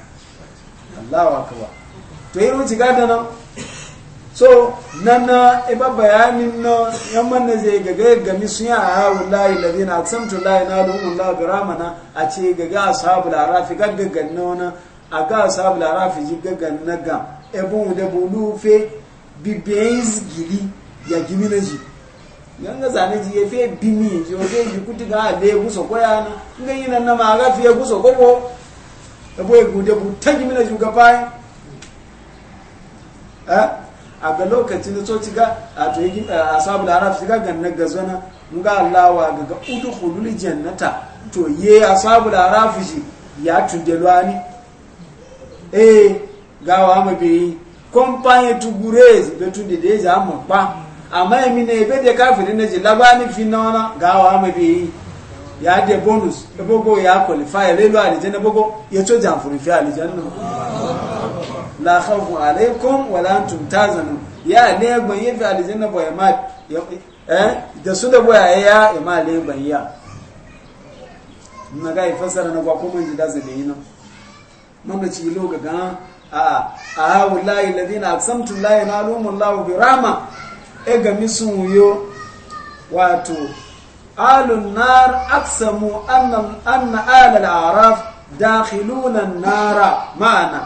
Allahu akbar to yi mu ciga da nan so na iba e bayanin na yamman na zai gaga gami sun yi a yawon layi ladina samtu layi na lumun la ramana a ce gaga ashabu larafi gaggagan na wani a ga a ashabu larafi ji gaggan na ga ebun da bulu fe bibiyan gili ya gimi na ji ga zane ji ya fe bimi ji o ji kuti ga ale gusa koya na ngayi yi nan na ma a fiye gusa koko ebo egu da bu ta gimi na shugaba a ga lokacin da tsoci ga a to yi a sabu da arafi ga ganna ga zana mun ga allawa ga ga udu hulul jannata to ye a sabu da arafi shi ya tunde lwani eh gawa ma be kompanye tugurez be tunde de ja amma pa amma mi ne be de kafirin ne ji labani finna gawa ma be ya de bonus ebogo ya qualify lelo alijanna bogo yato jamfuri fi alijanna la khawfu alaykum wa la antum tazanu ya ne gban yi fi alijanna ya ma eh da su da boye ya ma le ban ya na ga ifasara na kwa kuma ji da zabe yi nan mun ci lo ga ga a a hawulai alladhina aqsamtu la yanalumu Allahu bi rahma e ga misun yo wato alun nar aksamu anna alal araf داخلون النار معنا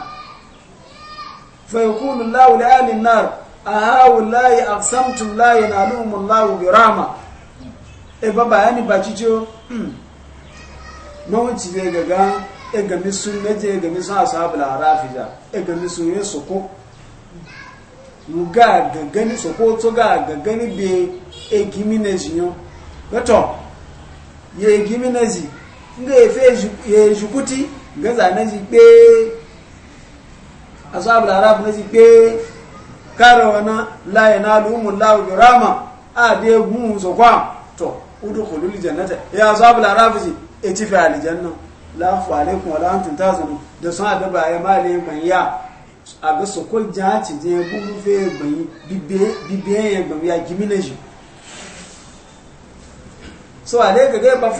فيقول الله لآل النار أهؤلاء أقسمتم لا ينالهم الله برحمة e baba yani bacijo mawuci zai gaga e gami sun naje e gami sun asabu larafi e gami sun yi mu ga gagani soko to ga gani be e gimi na jinyo gato ye gimi na zi nga efe ye jukuti nga za na zi gbe ashabul arab na zi gbe karawana la yanalu mullahu birama a de gun so kwa to udkhulul jannata ya ashabul arab zi etife aljanna la fa alaikum wa la antum tazunu da sun adaba ya male ban ya a ga sokol jaci je bu fe ban bibe bibe ya ban ya gimi na so ale ka ga ba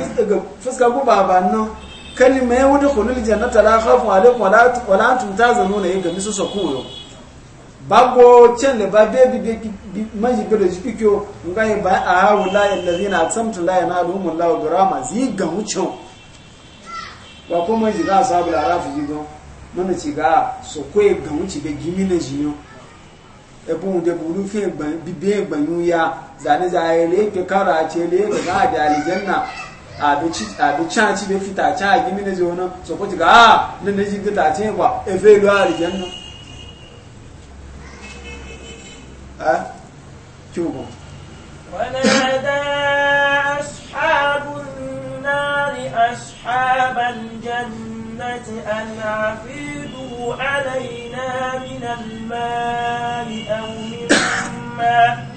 fuska guba ba nan kalima ya wuce kulul jannata la khafun alaikum wala wala antum tazanuna yin gamisu sokuyo bago can da ba bebi bebi manji gado shi kikyo ngai ba a hawo allazina atsamtu la yanaluhum allah durama ziga wucin ba ko manji ga sabu la rafu gigo mana ci ga sokoye ga wuci ga gimi na jinyo ebun de bulu fe gban bibe gbanyu ya zane zaye leke karace leke ga da aljanna abi chanci be fita a gimi ne zona so ko tiga ah ne ne ji gita ce kwa e fe lo A? ah chugo ونادى أصحاب النار أصحاب الجنة أن عفيدوا علينا من الماء أو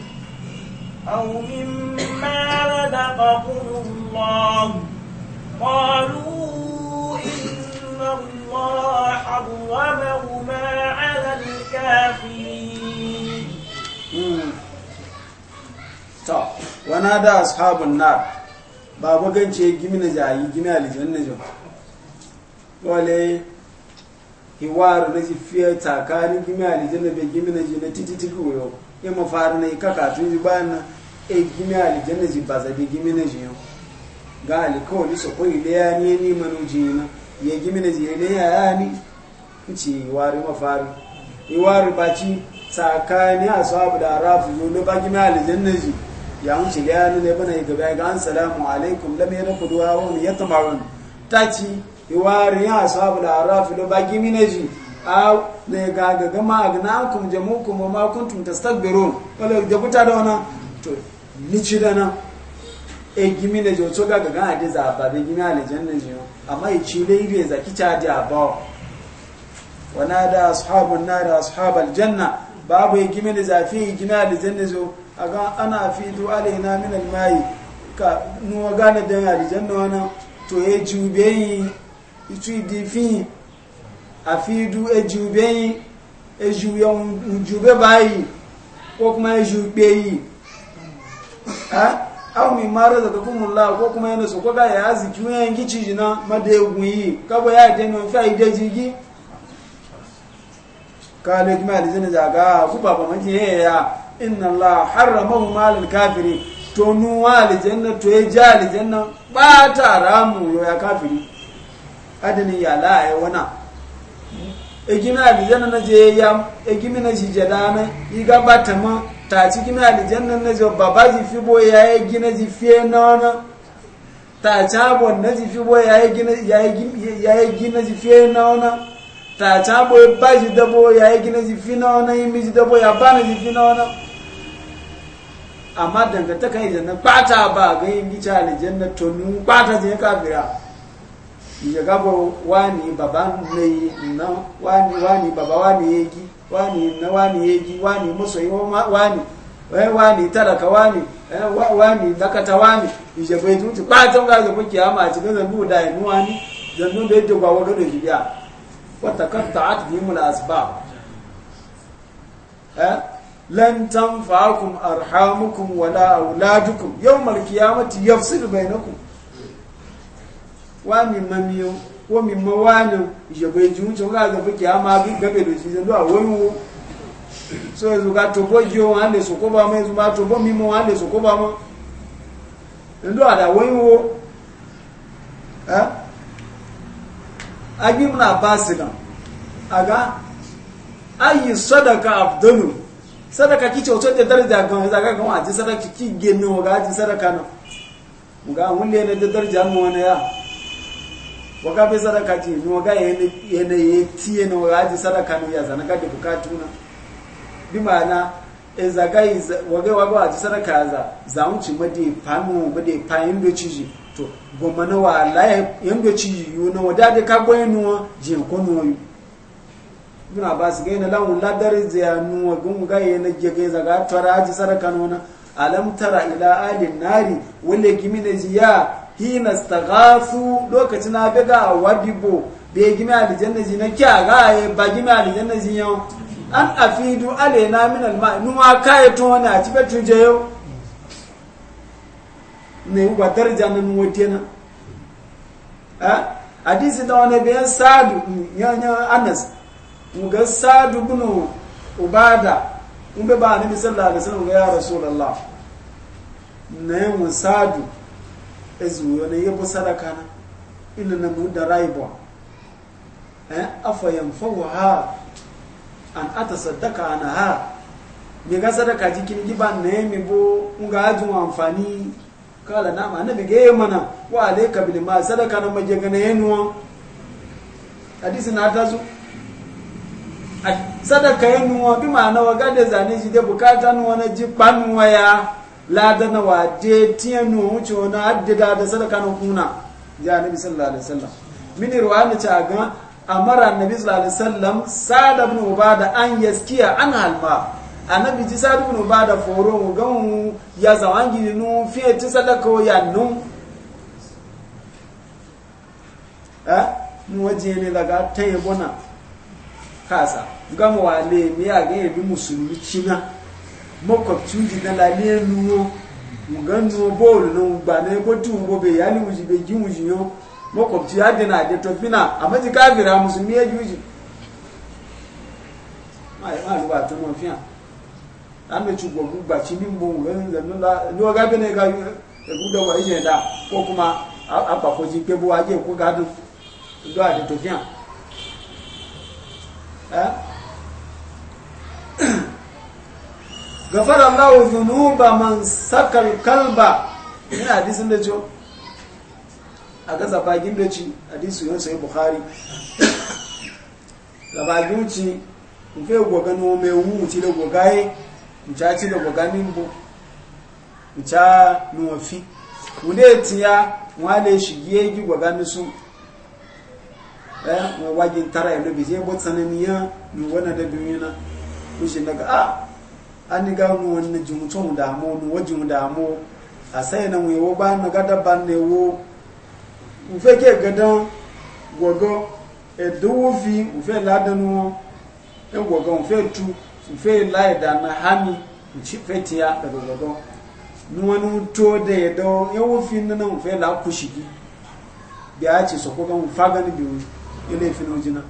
أو مما رزقكم الله قالوا إن الله حرمهما على الكافرين ونادى أصحاب النار babu gance gimi na jayi gimi alijanna jam wale hiwar na ji fiye tsakanin gimi alijanna bai gimi na ji na titi tiki wuyo ya mafari na ika katun ji bayan na e gimi alijanna ji ba zabi gimi na jiyan ga ni so ko ile ya ni ni manu na ya gimi na jiyan ya ya ni ci wari mafari iwari baci tsakani abu da arafu zo ba gimi mai alijanna ji ya wuce ya ni ne bana gaba ga an salamu alaikum lam yanqudu wa hum yatma'un taci iwari ya abu da arafu gimi na minaji a ne ga ga gama agna kum jamu kum ma kuntum tastakbirun wala da buta da wana to ni ci dana. e gimi ne jo ga ga ga de za ba be gimi ale janna ji amma e ci le ire za ki ta da ba wana da ashabun nar ashabal janna babu e gimi ne za fi e, gimi ale janna zo aga ana fi du alaina min al mai ka nuwa gane da janna wana to e jube yi itu di fi afidu ejubeyi ejube njube bayi ko kuma ejube yi ha aw mi mara da kumullah ko kuma yana so ko ga ya aziki wen gici jina madegun yi ka bo ya de no fa ide jigi ka le kuma da jina zaga ku baba man je ya inna allah harrama mal al kafiri to nu wal janna to ya jali janna ba ta ramu yo ya kafiri adani ya la ya wana egimi alijanna na je ya egimi na jijadana iga batama ta ci gimi alijanna na je baba ji fi bo ya egi na ji fi nona ta ci abo na ji fi bo ya egi na ya egi ya na ji fi nona ta ci abo ba ji dabo ya egi na ji fi nona imi ji ya ba na ji fi ona amma dangantaka idan na bata ba ga yin gicha alijanna to nun je ka ya gabo wani baba mai na wani wani baba wani yegi wani na wani yegi wani wani eh, wani talaka wani eh, wani dakata wani ije bai tunti kwatan zo kuke ama ci ga da yi wani zandu da yadda gwawo da wata katta at bihimul asbab eh lan tanfa'akum arhamukum wala auladukum yawmal qiyamati yafsilu bainakum wa mi mamiyo wo mi mo wa nyo ìṣègùn èjì ń sọ ká gbọ́ kí a máa bí gbẹ́bẹ̀ lòdì sí ló àwọn ìwò so èso ká tó bó yíò wọn lè sòkó bá mọ́ èso máa tó bó mímọ́ wọn lè sòkó bá mọ́ ló àdàwọ̀ ìwò ẹ́ agbímúnà bá sìnà àgá ayi sadaka abdulu sadaka kíkẹ́ òtún tẹ dárìjà gan sadaka ọ̀gá àti sadaka náà ọ̀gá àwọn ilé ẹni tẹ dárìjà mọ́ waka bi sadaka ji ni waka yene yene yeti yene waji sadaka no ya zana kati bukatu na bi mana e zaga iz wage waga waji sadaka za za unci made pamu made payin do ciji to gomano na wa la yan chiji ciji yo no wada de ka boy no je ko no yo la unladari zi ya nuwa gunga gum ga yene je ga zaga tara aji sadaka no alam tara ila ali nari wale gimi ne ya hina staghafu lokacin na bega wabibo be gimi aljanna jina kya ga ye ba gimi aljanna zina an afidu alena min alma numa kai to wani a ci betu je ne ne uba daraja nan wotena a hadisi da wani bayan sadu yanya anas ga sadu bunu ubada mun be ba ni sallallahu alaihi wasallam ga ya rasulullah ne mu sadu ezuyo ne yabo sadaka na ina na mu da raibo eh afa yanfawu ha an atasaddaka ana ha mi ga sadaka ji jikin giban ne mi bo nga ajun amfani kala na ma nabi ga mana wa alayka bil ma sadaka na ma ga na yenuwa hadisi na tazu sadaka yenuwa bi ma na wa waga da zane shi da bukata nuwa na ji panuwa ya ladana wa je tiyanu wuce wani addida da sadaka na kuna ya nabi sallallahu alaihi wasallam min ruwani ta ga amara nabi sallallahu alaihi wasallam sada ibn ubada an yaskiya an halma annabi ji sada ibn ubada foro mu ga mu ya zawangi nu fiye ta sadaka ya nu eh mu waje ne daga tayyibuna kasa ga mu wale mi ya ga bi musulmi cina makwabcin ji na laliye nuwo mugan nuwo bolu na ugba na ko tun bobe ya ni wuji be gi wuji yo makwabci ya dina da tofina amma ji kafira musulmi ya juji ma yi ma ruwa ta mafiya an da cikin gwagwu ba ci limbo wurin zannu la ni wa gabe ne ga ebu dɔ wa ije da ko kuma a ba ko ji pe bo aje ko gadu do a de tofina eh gafara Allah zunuba man sakal kalba yana hadisin da jo a ga zabagin da ci hadisu yau sai bukhari zabagin ci in fe goga no me wu ci da gogaye in ca ci da goga nimbo in ca nuwafi wule tiya wale shige gi goga nisu eh wajin tara ya lobi sai bot sananiya ni na, da biyu na kushin daga ah an ga mu wani jumutun da mu ni wajin da mu a sai na mu yawo ba na gada ban ne wo mu fe ke gada gogo e duwo fi mu fe ladanu e gogo mu fe tu mu fe laida e na hami mu ci fe tiya daga gogo ni wani to da ya e dawo yawo e fi na mu fe la kushigi bi a ce so ko ga fa ga ni bi ile fi na ujina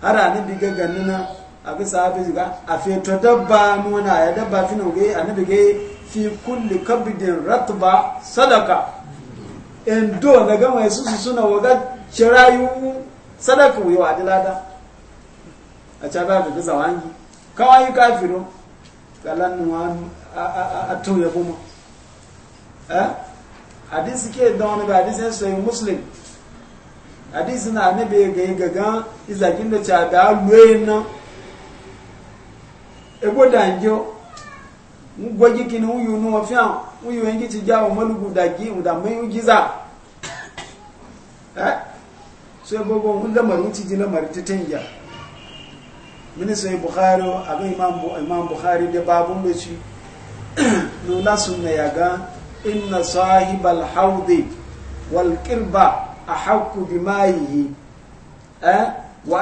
har ani bi ga na. aga sahabi ga a feto dabba nuna ya dabba fi nauge annabi ga fi kulli kabidin ratba sadaka in do na gama yasu su suna waga shirayu sadaka wuyo a dilada a caba ga gaza wangi kawai kafiro galan wani a ya goma eh hadisi ke da wani ga hadisi sai muslim hadisi na annabi ga gagan izakin da ca da nan ebo danjo ngwaji kini uyu nu wafia uyu wengi tijao eh? so bukhari aga imam bukhari da babun da shi nuna sunna inna sahibal haudi wal qirba ahaqqu bimayihi eh wa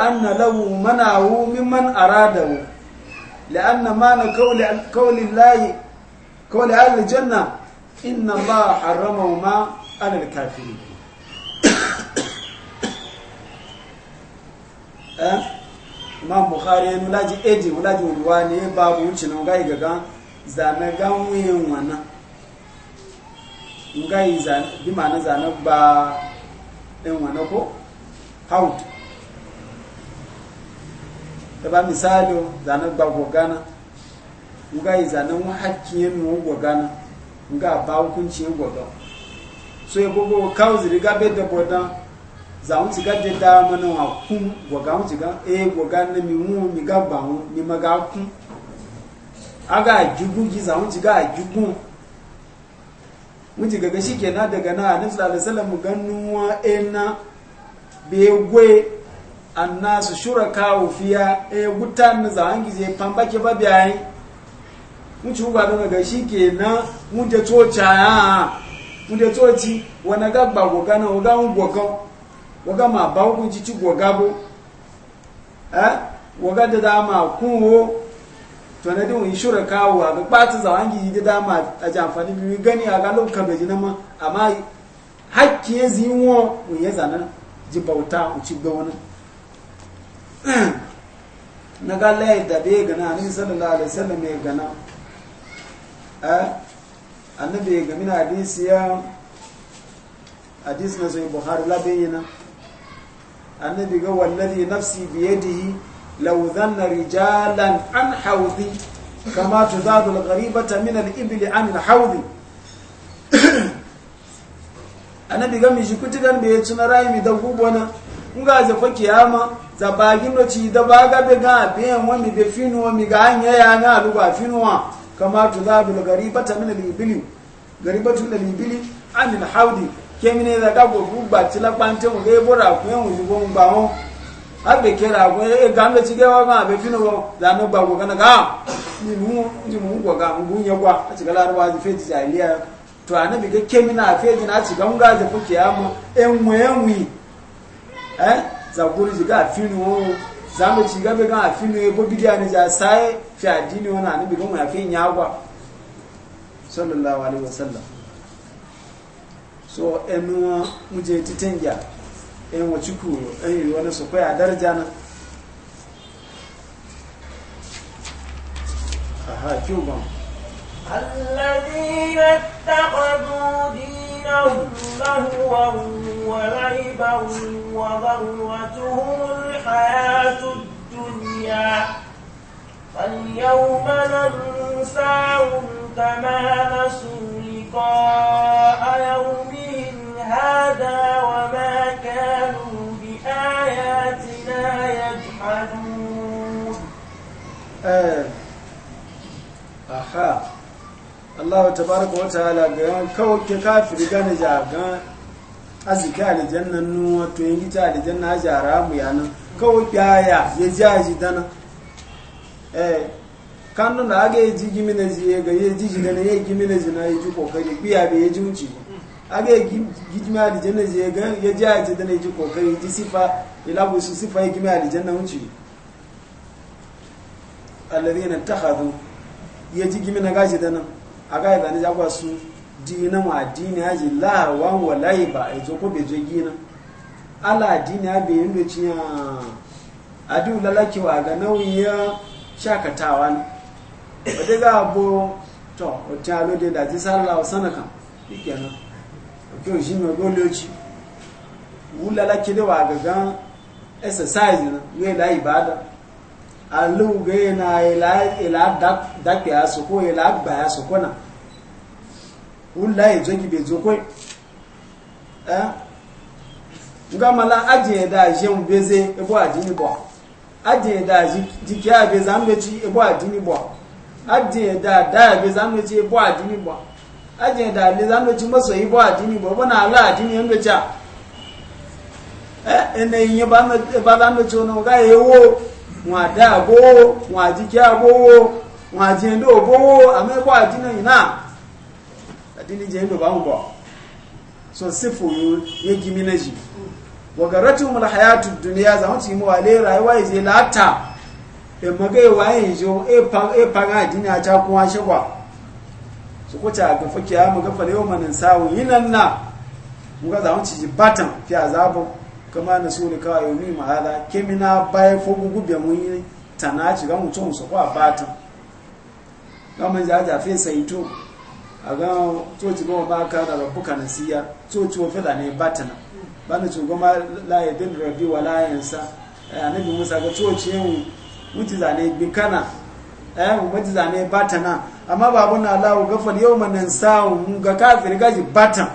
لأن معنى قول قول الله قول أهل الجنة إن الله حرمهما على الكافرين Imam Bukhari ya nula ji eji wula ji wuluwa ne babu wuce na ngai gaga zana ganwe wana ngai zana bi ma'ana ba ɗin wana ko haut ba misali zanen gbagwa gana nga yi zanen hakkin mu gana nga ba hukunci gwaga so ya gogo kawo ziri gabe da bodan za mu ci gaje da mana wa kun gwaga mu ci ga e eh, gwaga na mi mu mi ga ba mu mi ma ga kun aga ajugu ji za mu ci ga ajugu mu ci gaga shikenan daga na annabi sallallahu alaihi wasallam gannuwa ena be gwe annasu shuraka fiya e gutan za an gije pambake babiyayi mutu ba don ga shikenan mun je tocha ya mun je toci wana gagba goga na goga un goga goga ma ba ku ji ci goga bo eh goga da dama kunwo to na dun shuraka wa ga patu za an gije da dama a ji amfani bi gani a ga lokacin da jinama amma hakki ya zinwo mun ya zana ji bauta uci ci wani Hmm. na ga layi da bai gana ni sallallahu alaihi wasallam ya gana eh annabi ya gami na hadisi ya hadisi na sai buhari labayina annabi ga wallazi nafsi biyadihi law dhanna rijalan an hawdi kama tuzadu al-gharibata min al-ibli an al-hawdi annabi ga mi shi kutigan bai tsuna rai mi da gubona nga za fa kiyama za bagin ci da baga be ga be wani be finu mi ga anya ya na lu ba finuwa kama tudabul garibata min al-ibli garibatu min al an al kemine da ga gogu ba ti la pante o ge bora ku en go kera ga no ci ge wa ma be finuwa da no go kana ga ni gwa a ci ga la wa ji fe na ci ga nga eh za kuri jiga afinu wo za mu ciga be ga afinu e bo bidiya ne ja sai fi adini wona ne bi ga mu afin yagwa sallallahu alaihi wasallam so enu mu je titenja en wo chuku en wona so ko ya daraja na aha kyuba الذين اتخذوا دين ليزينهم لهوا ولعبا وغرتهم الحياة الدنيا فاليوم ننساهم كما نسوا لقاء يومهم هذا وما كانوا بآياتنا يجحدون أها Allah tabaraka wa hala ga kawo ke kafiri gane ja ga azika aljanna nu to yin ta aljanna ja ramu yanan kawai kyaya ya ji dana eh kanu na aga yi gimi na ji ga yi ji ga na ya gimi na ji na ji kokari biya ya ji wuce aga yi gimi aljanna ji ga ya jaji dana ji kokari ji sifa ila bu su sifa yi gimi aljanna unci alladhina takhadhu ya ji gimi na gaji dana aga ibani jagwa su dina ma dina haji la wa wallahi ba e zo ko be je gina ala dina be yin be ciya adu lalaki wa ga nauyin shakatawa ne wadda ga abu to wacce alode da ti sarla wa sanaka ike nan kyau shi mai goloci wulala kide wa gagan exercise na yau ila ibada alu ga yana ila dakpe ya soko ila agba ya soko na wula ya e zongi bai zo kwai gama la ajiye da beze ebo adini bwa ajiye da jiki ya ebo e adini bwa ajiye da da ya beze ebo adini bwa ajiye da e adini na ala a eh ene yin ba ba da ono ga ewo ada da nwa wa nwa ama ebo adini na adini je ndo bamu ba so sifu ya gimi na ji wa garatu mul hayatu dunya za mutu mu wale rayuwa je lata e, e wa ye jo e pa e pa ga addini a ta kuwa shagwa su kuta ga fakiya ya ga fa yau manan sawu yinan na muga za mutu ji batan fi azabu kama na su ne kawai yau ni ma'ala kemina bayan fogu gube mu yi tana ci ga mutum su kwa batan kamar jaja fi saito aga coci goma ba ka da rabuka na siya coci wa fida eh, ne batana bana ci goma laye bin rabi wa layensa annabi musa ga coci yin wuci zane bikana eh wuci zane na amma babu na lawo gafal yau manan sawu mun ga kafir gaji bata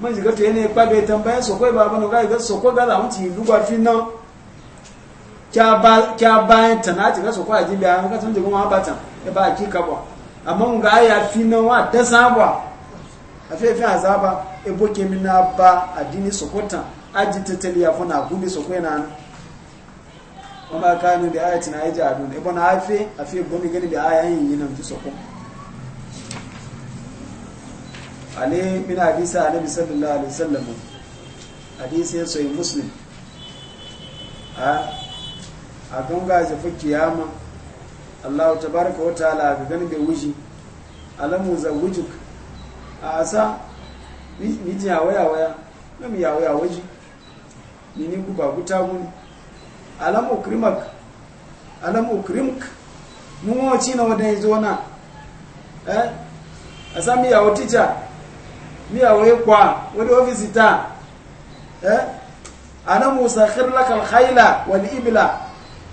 mun ji gato yana kwabe tambayan so koi babu na gaji so ko gaza wuci lugwa finna kya ba kya bayan tanati ga so ko ajibi an ka tun ji goma batan ya ba ki kabwa amma nga ya fi na wa ta saba a fi fefin azaba ebo kemi na ba addini sokotan aji tattali ya funa gumi soko yana nan ka kanu da ayati na aji adun ebo na afi afi gumi gani da yin yi nan ji soko ale min hadisi annabi sallallahu alaihi wasallam hadisi sai soyi muslim a a ganga zafi kiyama Allah tabaraka wa ta'ala ga da wuji alamu za wujuk a asa ni ya waya waya na mi ya waya waji ni ni guba guta mun alamu krimak alamu krimk mu mawaci na wadan yazo na eh asa mi ya wotita mi ya kwa wadi ofisita eh ana musakhir lakal khayla wal ibla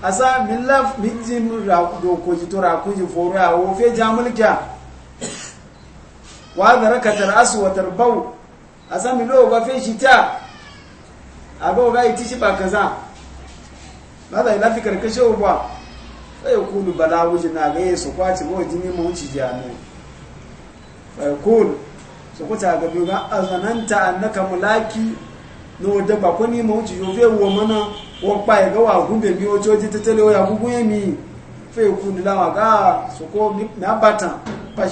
asa min la min jin ra do ko ji to ku ji foru a wo fe ja mulkiya wa daraka tarasu wa tarbau asa mi lo ba fe shi ta abo ga iti shi ba kaza Ba nada ila fikar kashe ba sai kulu bala wuji na ga yesu kwaci ji jini mu wuci ja ne fa kulu su kuta ga biyu ga azananta annaka mulaki ní wọ́n dẹ́gbà kó ní mọ̀ oúnjẹ yóò fẹ́ wọ ọmọ náà wọ́n pa ẹ̀gọ́ wà ojú ojú tẹ́tẹ́lẹ́ oyà gúgún èmì fẹ́ ikú níláwà gáà sókó nábàtàn ta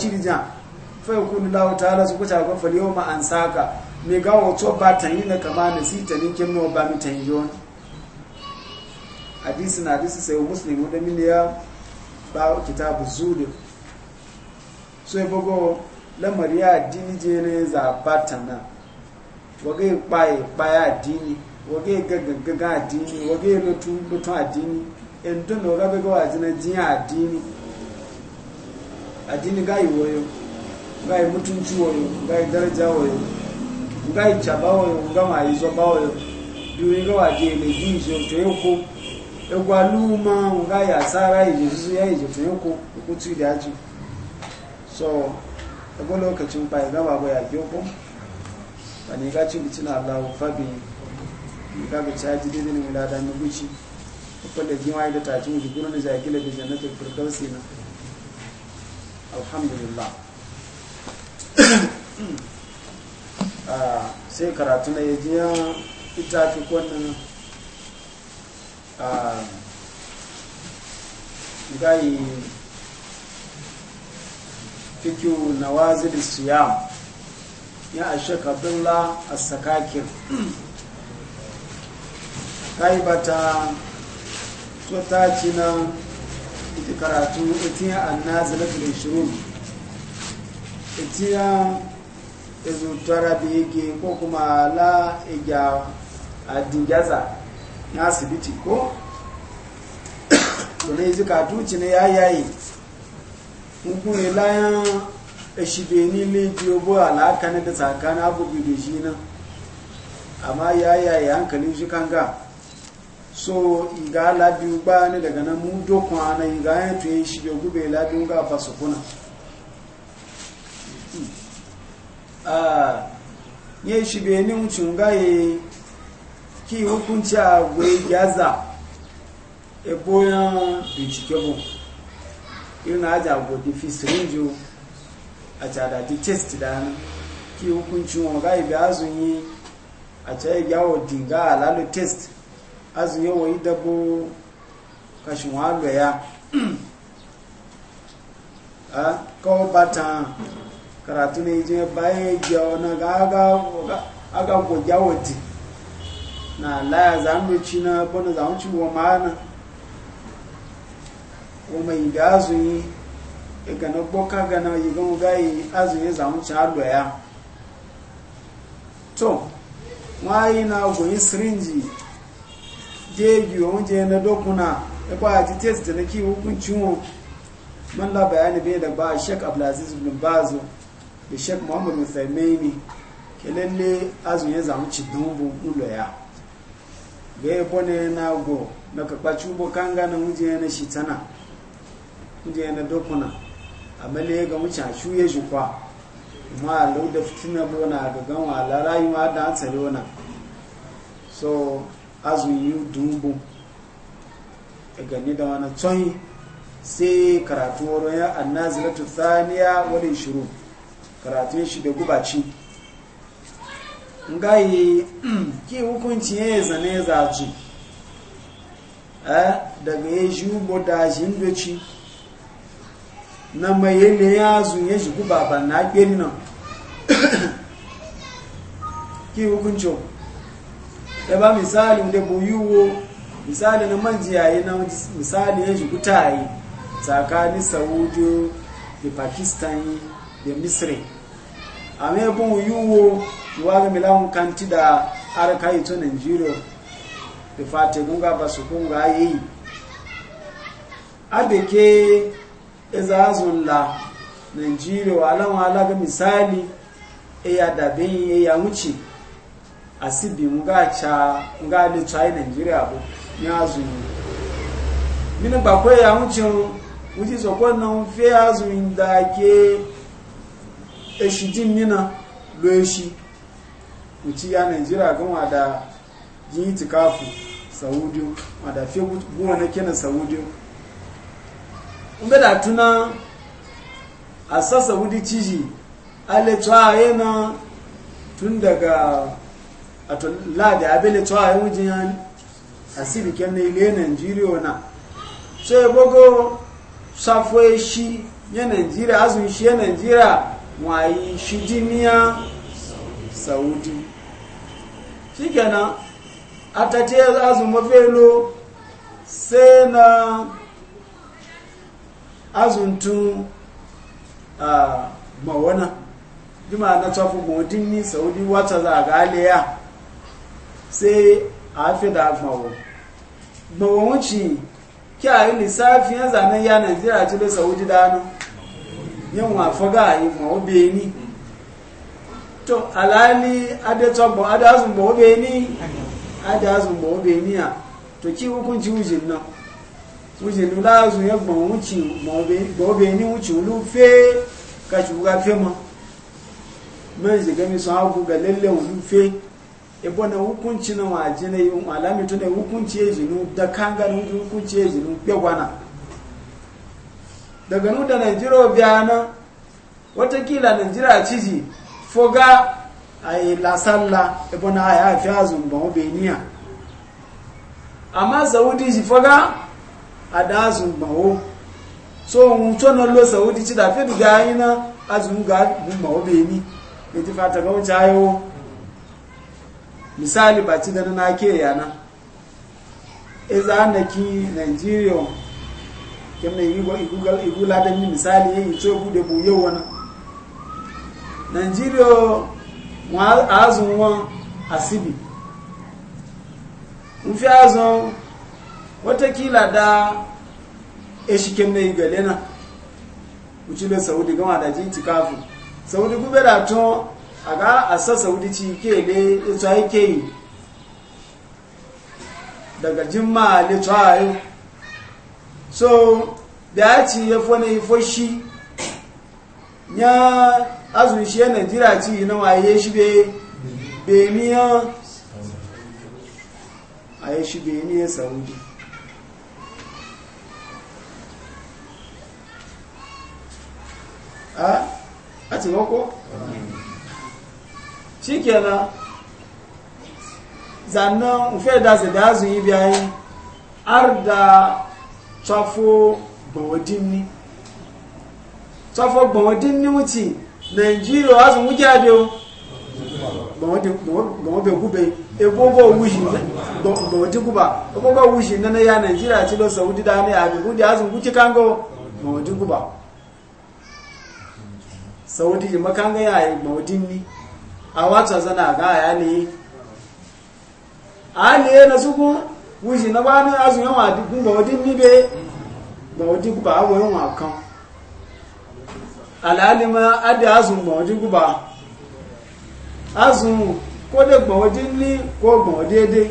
yi na kama da si ta ninkin nawa na hadisi sai muslim wadda miliya ba kitabu zuri so ya bugo lamar ya wage kpaye kpaya adini wage gagagaga adini wage lotu lotu adini endo na oga bega wa zina jiya adini adini ga woyo ga mutunci woyo ga daraja woyo ga caba woyo ga ma izoba woyo biwe ga wa je le jinje to yoko egwa luma ga ya sara ije ya ije to yoko ko tu da so ebo lokacin bai ga babo ya biyo ko wani ga cin mutum na Allah fabi ni ga ga caji daidai ne wala da mu guci kuma da jima da ta cin ji gurin da gila da jannatul firdausi na alhamdulillah ah, sai karatu na yaji yajiya ita fi kwanan ah, gayi fikiyu nawazil siyam ya ashek abdullah a sakakir kai bata to ta ci na ita karatu itiya annazilatul shurub itiya ezutara da yake ko kuma la a dingaza na asibiti ko tunai zikatu ji katuci ne yayayi hukuni layan E shi beni lejiyo bo alaka na da tsakanin abu da shi nan amma ya yaya hankalin shi ga so iga bi ba ne daga nan mu dokun ana iga yin tuye shi bai gube labiyu ga ba su kuna yi shi beni wucin gaye ki hukunci a gwai gyaza eboyan bincike ina irin aja godi fi sirinjo a cada ti test dan ki hukuncin wa ga ibi azun yi a ca ibi awo dinga alalu test azun yi wani dabo kashin wa lo ya a ah, kawo bata karatu ne je bayan ya wani ga aga gogya wadi na laya za mu ci na bana za mu ci wa ma'ana wa mai da azun yi gana gboka gana yi gan gayi azuye zamu ci allo ya to mai na go goyi sirinji jeji onje na dokuna e kwa ji test na ki hukuncin wo man la bayani e be da ba Sheikh Abdulaziz ibn Baz da Sheikh Muhammad bin Saimaini kelele azuye zamu ci dumbu ullo ya ga e bone na go na kakwaci bo kanga na muje na shitana muje na dokuna amma ga mucin a shuye shi kwa ma lo da fitina bona ga ganwa la rayuwa da an tsare wana so yi dumbu ga ni da wani tsoyi sai karatu wurin ya annazilatu thaniya wani shiru karatu shi da gubaci ngayi ki hukunci ya zane zaci eh, daga ya shi da na maye ne ya zunye shi ku baba na kiri nan ki hukuncin ya ba misali da buyuwo misali na manjiyayi na misali ya shi ku yi tsakanin saudi da pakistan da misri a mai bin wo, wa ga milawun kanti da arkayi to nigeria da fatigunga ba su kunga yi adake. iza zulla nigeria walan wala ga misali eya ya dabe eya ya wuce asibi nga cha nga le tsaye nigeria bo ya zu mina ba ko ya wuce wuce so ko nan fe azu inda ke e shi mina lo shi wuce ya nigeria ga wa da jin kafu, saudi wa da fe buwa na kenan saudi mbe da tuna a sassa wudi ciji aletwa yana tun daga ato ladi abeletwa ya wujin yan asibi kenne ile nigeria na so ebogo safo shi ya nigeria azun shi ya nigeria wayi shi dimiya saudi a atate azun mafelo sai na azuntun mawana jima na tafi godin ni saudi wata za a galiya sai a fi da mawo mawawanci kyayi lissafi ya zanen ya najeriya jilo saudi dano yin wafaga a yi mawo beni to alali adetogbo adazun mawo beni adazun mawo beni a to ki hukunci wujin nan wujelu lazu ya gbọ̀n wúchì gbọ́ọ̀bẹ̀ ní wúchì olú fẹ́ kàṣùgbà fẹ́ mọ́ mẹ́rin gami sun hagu ga lalle olú fẹ́ ebe na hukunci na waje na yi alamitu na ci ya jinu da kanga na ci ya jinu gbegwana daga nu da nigeria biya na watakila nigeria ciji foga a yi lasalla ebe na ya fi azun gbọ̀n obeniya amma saudi shi foga adazun mawo so ohun tó na lọ saudi ti dàfẹ́ dùgbà ayé náà azùn ga gùn bèé ní ètí fàtàkà ó misali ba ci ganin ake yana iza e anaki nigeria kemna igula da ni misali yayi to bude bu yau wana nigeria wa azun wa asibi mun fi watakila da eshiken na igale na ucile saudi gama da ji tikafu saudi gube da to a ga asa saudi ci ke ne ito ake yi daga jimma le to a yi so da ya ci ya fone ifo shi ya azun shi ya najira ci na waye shi be beniyan a yi shi beniyan saudi a taimako shi kenan zannan ufe da su da su yi biyayi ar da tsafo gbawadinni tsafo gbawadinni wuce nigeria wa su wuce abiyo gbawadin gube egbogbo wushi gbawadin guba egbogbo wushi na na ya nigeria cilo saudi da ne abin gudu kango gbawadin guba sauti ji makanga ya maudin ni a wata zana ga ya ne a ne na suku wuji na ba ni azu yawa dukun maudin ni be maudin ku ba awo yawa kan alalima adi azu maudin ku ba azu ko de maudin ni ko maudin de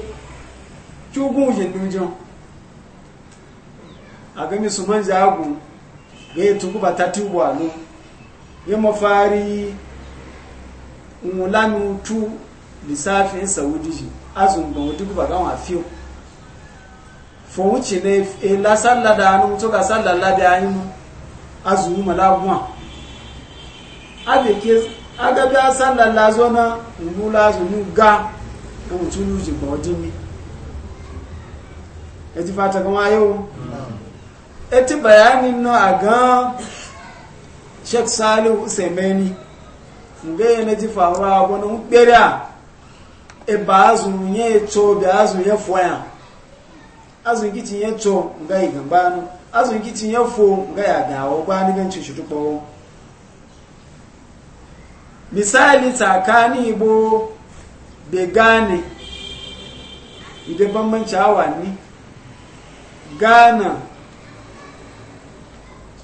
chugun wuji dunjon a gami su manja agu ga yi tukuba ta tubu a lo yi fari mulanu tu lissafin saudi ji azun ga wadda ba gama fiyo fo wuce ne e la salla da anu to ka salla la da anu azu mu la gwa abe ke aga ga salla la zo na mu la zo mu ga ko mutulu ji ba wadin mi e ti fata kuma yau e ti bayanin no a sheikh salihu Semeni, nge na ji faruwa wani mkpere a eba e azu nye eto bi azu nye fo ya azu ngi ti nye to nga igamba no azu ngi ti nye fo nga ya da o gba ni ganci shi tukpo misali tsakani igbo be gane ide bambanci ni Ghana.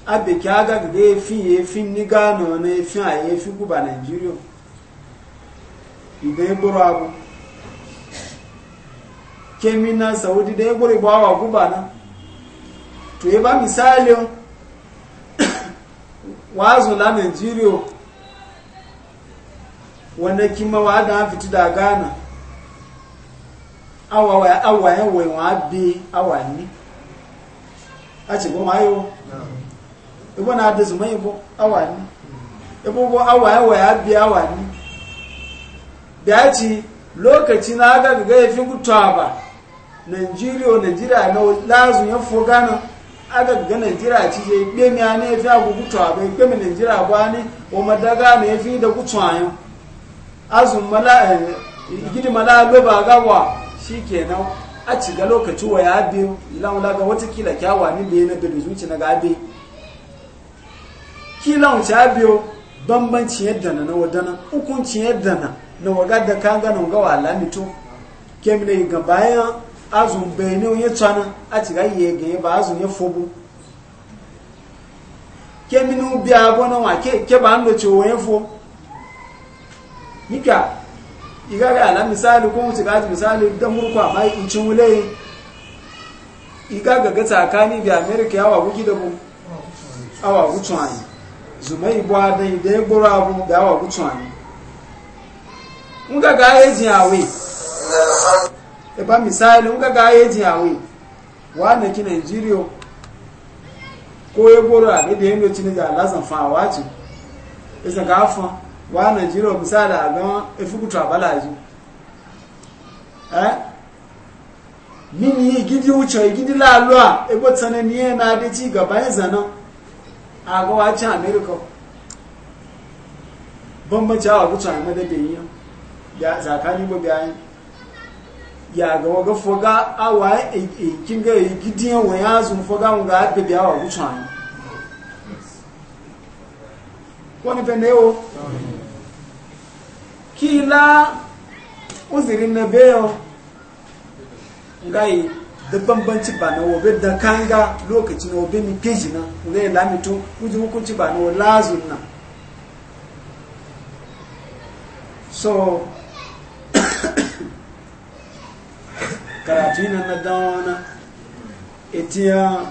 abe ki aga ga efin efin ni gano na efin a efin kuba nigeria ibe egboro abu kemi na saudi da egboro igbo awa kuba na to eba misali o wazo la nigeria wanda kima wa da fiti da gana awa wa awa yan wa bi awa ni a ce goma ebo na adazu mai ebo awani ebo bo awai wa ya bi awani da ci lokaci na aga ga ya fi aba. ba Nigeria o Nigeria na lazu ya fogana aga ga Nigeria ci je ikpe mi ani ya fi agu gutawa ba gbe mi Nigeria ba ni o madaga na ya fi da gutawa yan azun mala eh, gidi mala lo ba gawa shikenan a ci ga lokaci wa ya biyo ilan wala ga wata kila kyawa ni da ya na da zuci na gabe kila wuce abiyo bambanci yadda na na wadana hukuncin yadda na na waga da ka gana ga wala mito kemle ga bayan azun bene ya tsana a ci gaye ga ba azun ya fobo keminu bi abona wa ke ke ba ndo ci woyen fo nika iga ga ala misali ko wuce ga misali dan murkwa mai in cin wule iga ga ga tsakani bi america yawa gugi da bu awa gutuani zuma igbo adịghị dee gboro abụ gawa ọgwụtụ anyị ngaga eji awe eba misali ngaga eji awe wa na ki nigeria ko e gboro a gaida enyo doci na ji alazan fawa ce isa ga afọ wa nigeria misali a gan efukutu abala ji eh mini gidi wuce gidi laluwa ebo tsananiye na adịci gaba yin a e, e, e, ga wacin america a gucin a madabayi ya ga awa ga ya ga ko kila uzirin na da bambanci ba na wabe da kanga lokaci na wabe ni keji na nga ya lamitu kuji hukunci ba na lazun na so karatu yi na na dawana etiya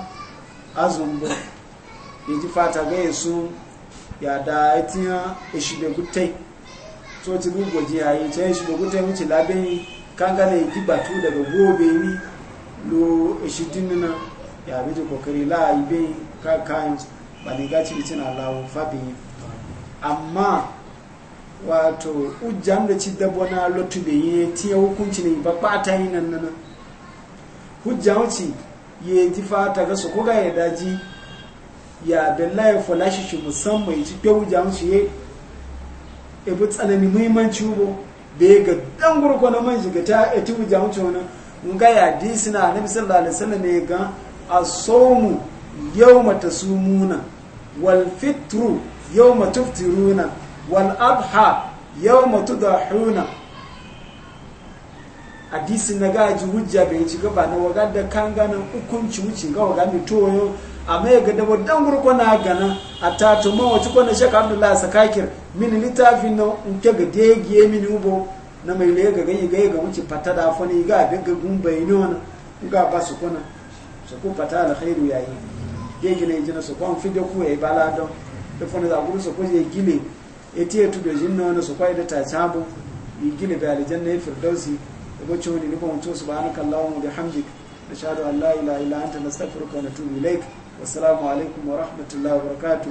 azumbo yaji fata ga yesu ya da etiya eshibe gutai so ti gugu yi yayi ta eshibe gutai wuce labin kanga na, ne gibatu daga gobe ni lo eshi dinna ya bi kare la ibe ka Ba ni bani gaci itin Allah fabi amma wato ujjan da ci da na lotu da yi tiya hukunci ne ba bata yi nan nan hujja wuce ya ti fata ga su ko ga ya daji ya bella ya fulashi shi musamman ci da hujja wuce ya e ebu tsanani muhimmanci hubo da ga dan gurkwa na man shiga ta e ti hujja wuce wani nga ya hadisi na annabi sallallahu alaihi wasallam ya ga as-sawmu yawma tasumuna wal fitru yawma tuftiruna wal adha yawma tudahuna hadisi na gaji hujja bai ci gaba na waga da kan ganin hukunci wuce ga waga mai toyo amma ya ga da wadan gurko na gana a tatu ma wace kwana da lasa kakir mini littafin na nke ga degiye mini ubo na mai lega ganyi gaye ga wuce fata da fani ga daga gumba yi ne wani ga ba su kuna su ku fata alkhairu yayi ya gina jina su kwan fi da ku yayi bala don da fani za guru su ku je gile ya tiye tu da jin na wani su kwai da ta sabo yi gile bai aljanna ya firdausi da bacci wani nufin mutu su ba an kallawa mu da hamdi da shaɗu allah ila ila anta nastaghfiruka wa natubu ilaik wassalamu alaikum wa rahmatullahi wa barakatuh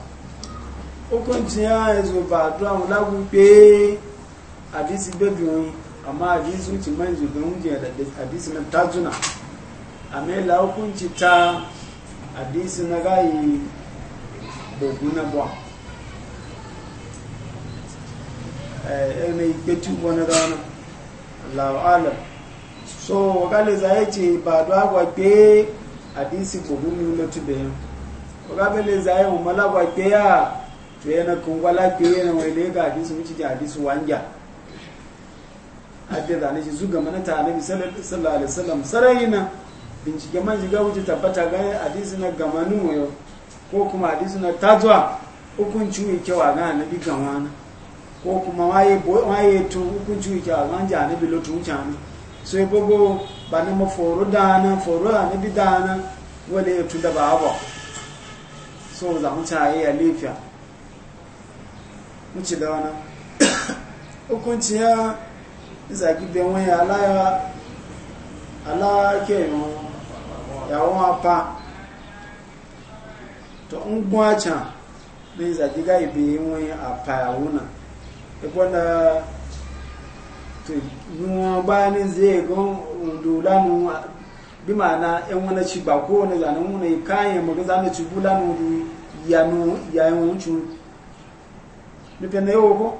hukuncin ya yanzu ba a tuwa wula gube hadisi bebiyoyi amma hadisi ci man ji don hadisi na tajuna a mai la hukunci ta hadisi na gayi bogu na bwa eh ne ke ci bona da wannan Allahu alam so wakale za yace ba do agwa to yana kun wala ke yana wai ne ga hadisi mu cikin hadisi wanja hadda da ne shi zuga mana ta annabi sallallahu alaihi wasallam na bincike man shiga wuce tabbata ga hadisu na gamanu yo ko kuma hadisu na tajwa hukunci mai kyau a ga annabi gamana ko kuma waye waye to hukunci mai kyau a ga anja annabi lotu wuce ana so ya bogo ba na maforo na, foro na bi da na. wale ya tunda ba abuwa so za mu ta yi lafiya wuce da wani ya zagi biyan wani alaƙe yawon apa to n gwacan na yi zagi ga ibe wani apa yawon na ikon to yiwuwa bayanin zai gan dulanu bi ma'ana yan wani ci ba kowane zanen wani kayan nufe na yau ko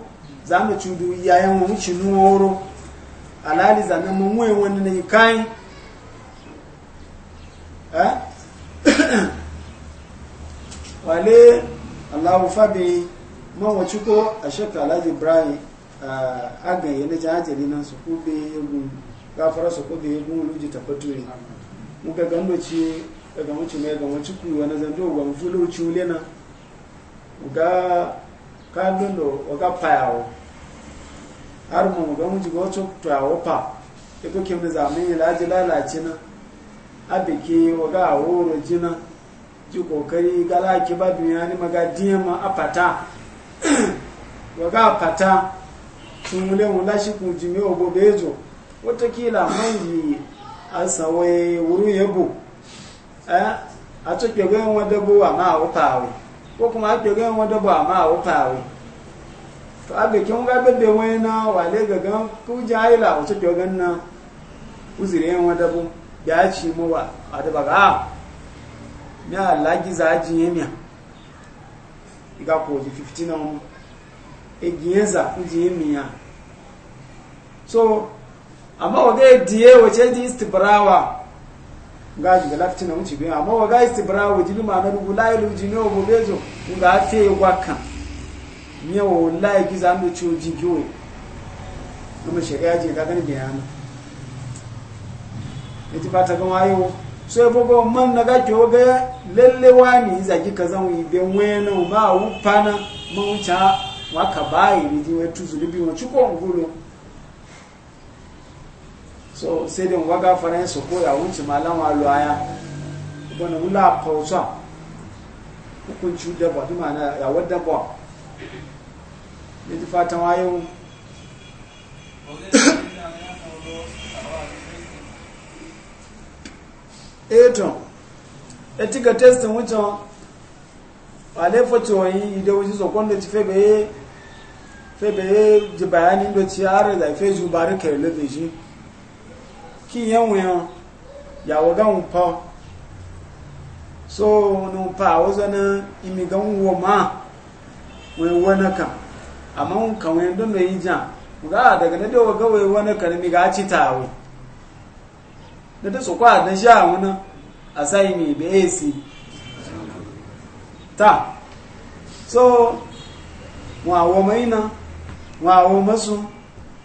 ya ya cudu yayan mu ci nuworo alali zanen mu muwe wani ne kai eh? wale allahu fabi man wace ko a shekka alhaji ibrahim eh, a ganye na jajiri nan su kube yagun gafara su kube yagun luji tabbatu ne muka gando ci daga mutum ya gama cikuwa na zando gwamfulo ciwule na ga ka lolo oga payawo har mu ga mu jigo to tawo pa e ko kimne zamin ilaji lalace na abiki oga aworo jina ji kokari gala ki ba duniya ni maga diyama apata oga apata tumule mu lashi ku jimi obo bezo watakila mangi asawe wuru yebo eh atokwe gwe nwadabo wa ma awopawe ko kuma ake ganin wanda ba ma a wuta to a bikin gabar da wani na wale ga gan kuji haila wasu ke gan na uzire yan wanda bu da ya ci mu a da ba ga ah, mi Allah gi za ji miya. iga ko ji 15 on e giyenza kuji miya. so amma yi e diye wace ji istibrawa nga jiga na muci biya amma waga istibra wa jili ma na rubu la ilu jini wa mu bezo nga afe wa kan miya wa wallahi giza an ci ji giwe amma shari'a ji ga gani bayana ita ba ta gama yau so ya bogo man na ga ki waga lalle wani zagi ka zan yi ben wena ma wu pana ma wuca wa ka ni ji wa tuzulubi wa cikon so sai dai waga faran su ko ya wuce malam wa luaya wani wula kausa hukunci dabba duk mana ya wadda ba ne ji fatan wayo eto eh etika testin wucin alefoto yi ide wuce sokon da ci febe febe ji bayanin da ci har da fe jubare kare lobe shi kí yẹn ya yàn yàwó gáwọn pa so nù pa àwọn sọ́nà ìmì gáwọn wọ̀ máa wọ́n wọ́n náà kàn àmọ́ ń kàn wọ́n dọ́nà yìí jà ga daga na dawa gawai wani karmi ga ci tawo da ta su kwa da sha wani a sai mai e da ac ta so wawo mai na wawo masu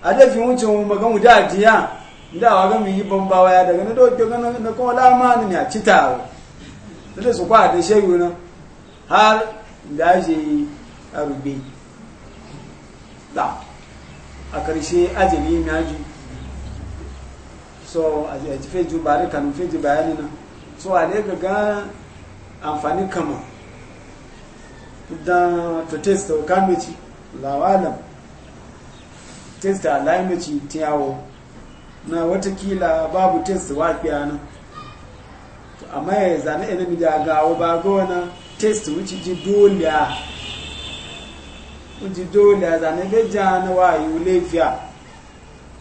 a fi dafin wucin magan wuda jiya da wa ga mi yibon bawa ya daga na doke ga na ko lama ni ya citawo da su kwa da shehu na har da shi a rube a karshe ajali mi aji so a ji feju ba da kanun feju bayani na so a ne ga amfani kama da to testa kamici lawalam testa lamici tiyawo na watakila babu test wafi ana amma ya zane enemy da gawo ba gona test wuci ji dole a wuce dole a zane bai ja wa wayo lafiya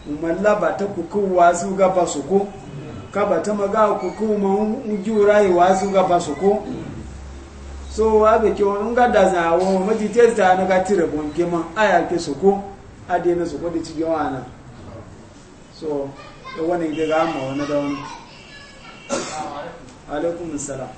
umalla ba ta kuku wasu gaba su ko ka ba ta maga kuku ma ujura yi wasu gaba su ko so wa da ke wani ga da zawo maji test na ga tire bon kema aya ke su ko ade na su ko da cikin wannan so ya wani ga gama wani da wani alaikun salam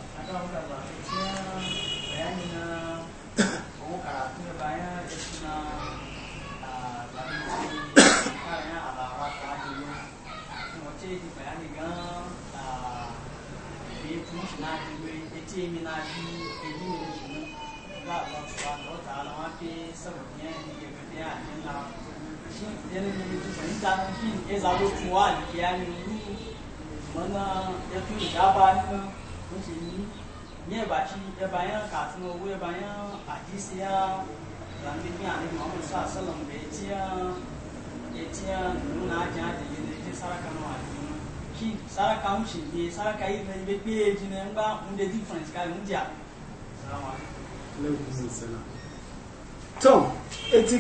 Thank shi yanayin ji fahimta shi ya zaɓo cewa alkiya ne mana ya fi ìjábá nínú ó tom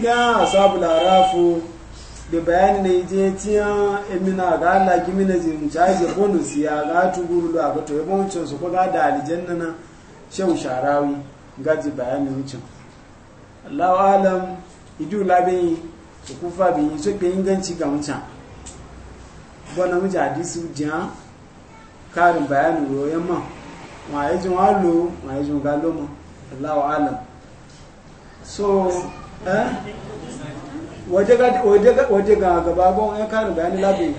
ga asabu larafu da bayani na ije tiyan emina ga Allah kimi na jin caje bonus ya ga tuguru da e bon boncin su ko ga da aljanna na shehu sharawi gaji mu wucin allah alam idu labe su fa bi so ke inganci ga wucin bona mu jadi su jan karin bayani royan ma ma yajin walo ma ga lo mo allah alam so eh? waje ga gaba gon ya karin bayani labi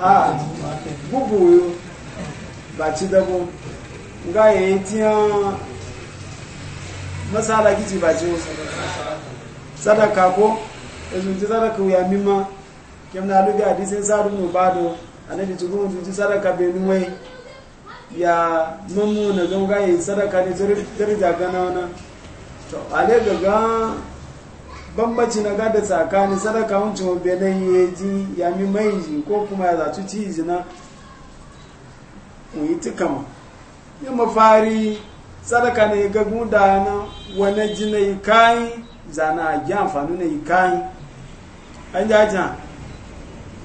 ah gugu yo ba ci dabo ga yayin tiyan masala kici ba ci sadaka ko ezun sadaka ya mimma kemna lubi hadisi sadu mubado anabi tugumu ti sadaka benuwai ya mamu na zama yi sadaka ne daraja gana wana to ale ga bambaci na gada tsakanin sadaka wancan wabe ya ji ya mi mai ji ko kuma ya zaci cizi na kuyi ma ya mafari sadaka ne ga guda na wani ji na yi kayi zana a gya amfani na yi kayi an jajan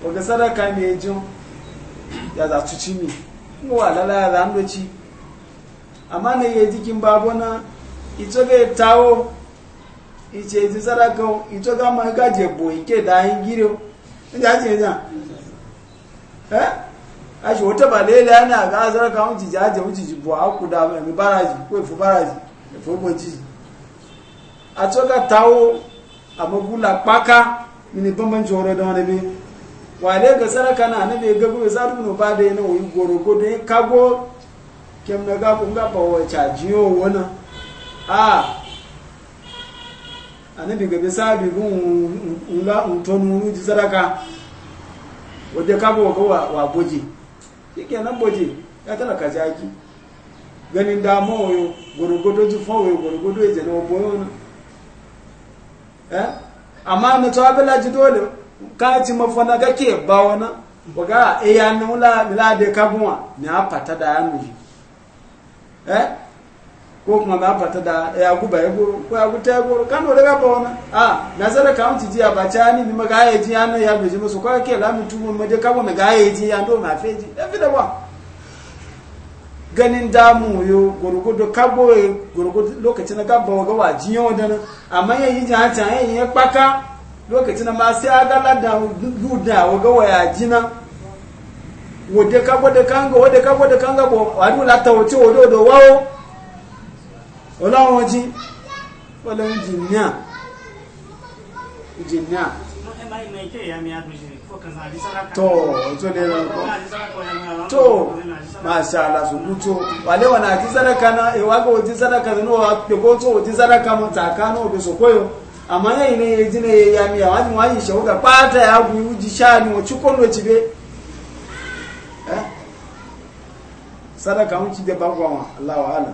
wadda sadaka mai jin ya zaci cimi wa lala zan doci amma na yi jikin babo na ito ga tawo ice ji saraka ito ga ma gaje bo ike da yin giro inda ce jan eh ashi wata ba lele ana ga saraka mun ji jaje mun ji bo aku da mai baraji ko fu baraji fu bo ji a ga tawo amma gula paka ni bamban joro da wani bi wale ga saraka na na be gabu za du no ba de na wi goro go de kago kem na ga kun ga ba wa cha jiyo wona a anabi ga be sabi gun ula untonu ru ji saraka waje kago ga wa wa boji yake na boji ya tana ka jaki ganin yo wayo gorogodo ji fa wayo gorogodo ya e je na boyo na eh amma na to abela ji dole kaji mafana gake ba wana waga e ya nula la de kabwa ne apata da ya mu eh ko kuma na apata da ya guba ya ko ya guta ya goro kan daga ba wana ah nazara county ji abacha ni mi maga ya ji yana ya beji musu ko ke la mutu mu de na maga ya ji ya ndo ma feji da fi da ba ganin damu yo gorogodo kabo gorogodo lokacin na gaba waga wajiyan wadana amma yayin ji hata yayin ya kpaka lokaci na ma sai agala da duda waga waya jina wode ka gode kanga wode ka gode kanga bo wadu la ta wote wodo do wawo ola wonji ola wonji nya wonji to to ne na to Allah su wale wana ji na e waga no wa ko to woji sadaka mu takano be so koyo amma yai ne ya jina ya yami ya wani wani shi ga kwata ya guyu ji sha ni wa cikon wa cibe sadaka mun da bagwawa Allah wa ala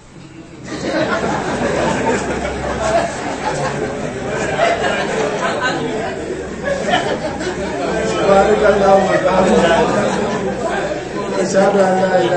Assalamualaikum warahmatullahi wabarakatuh.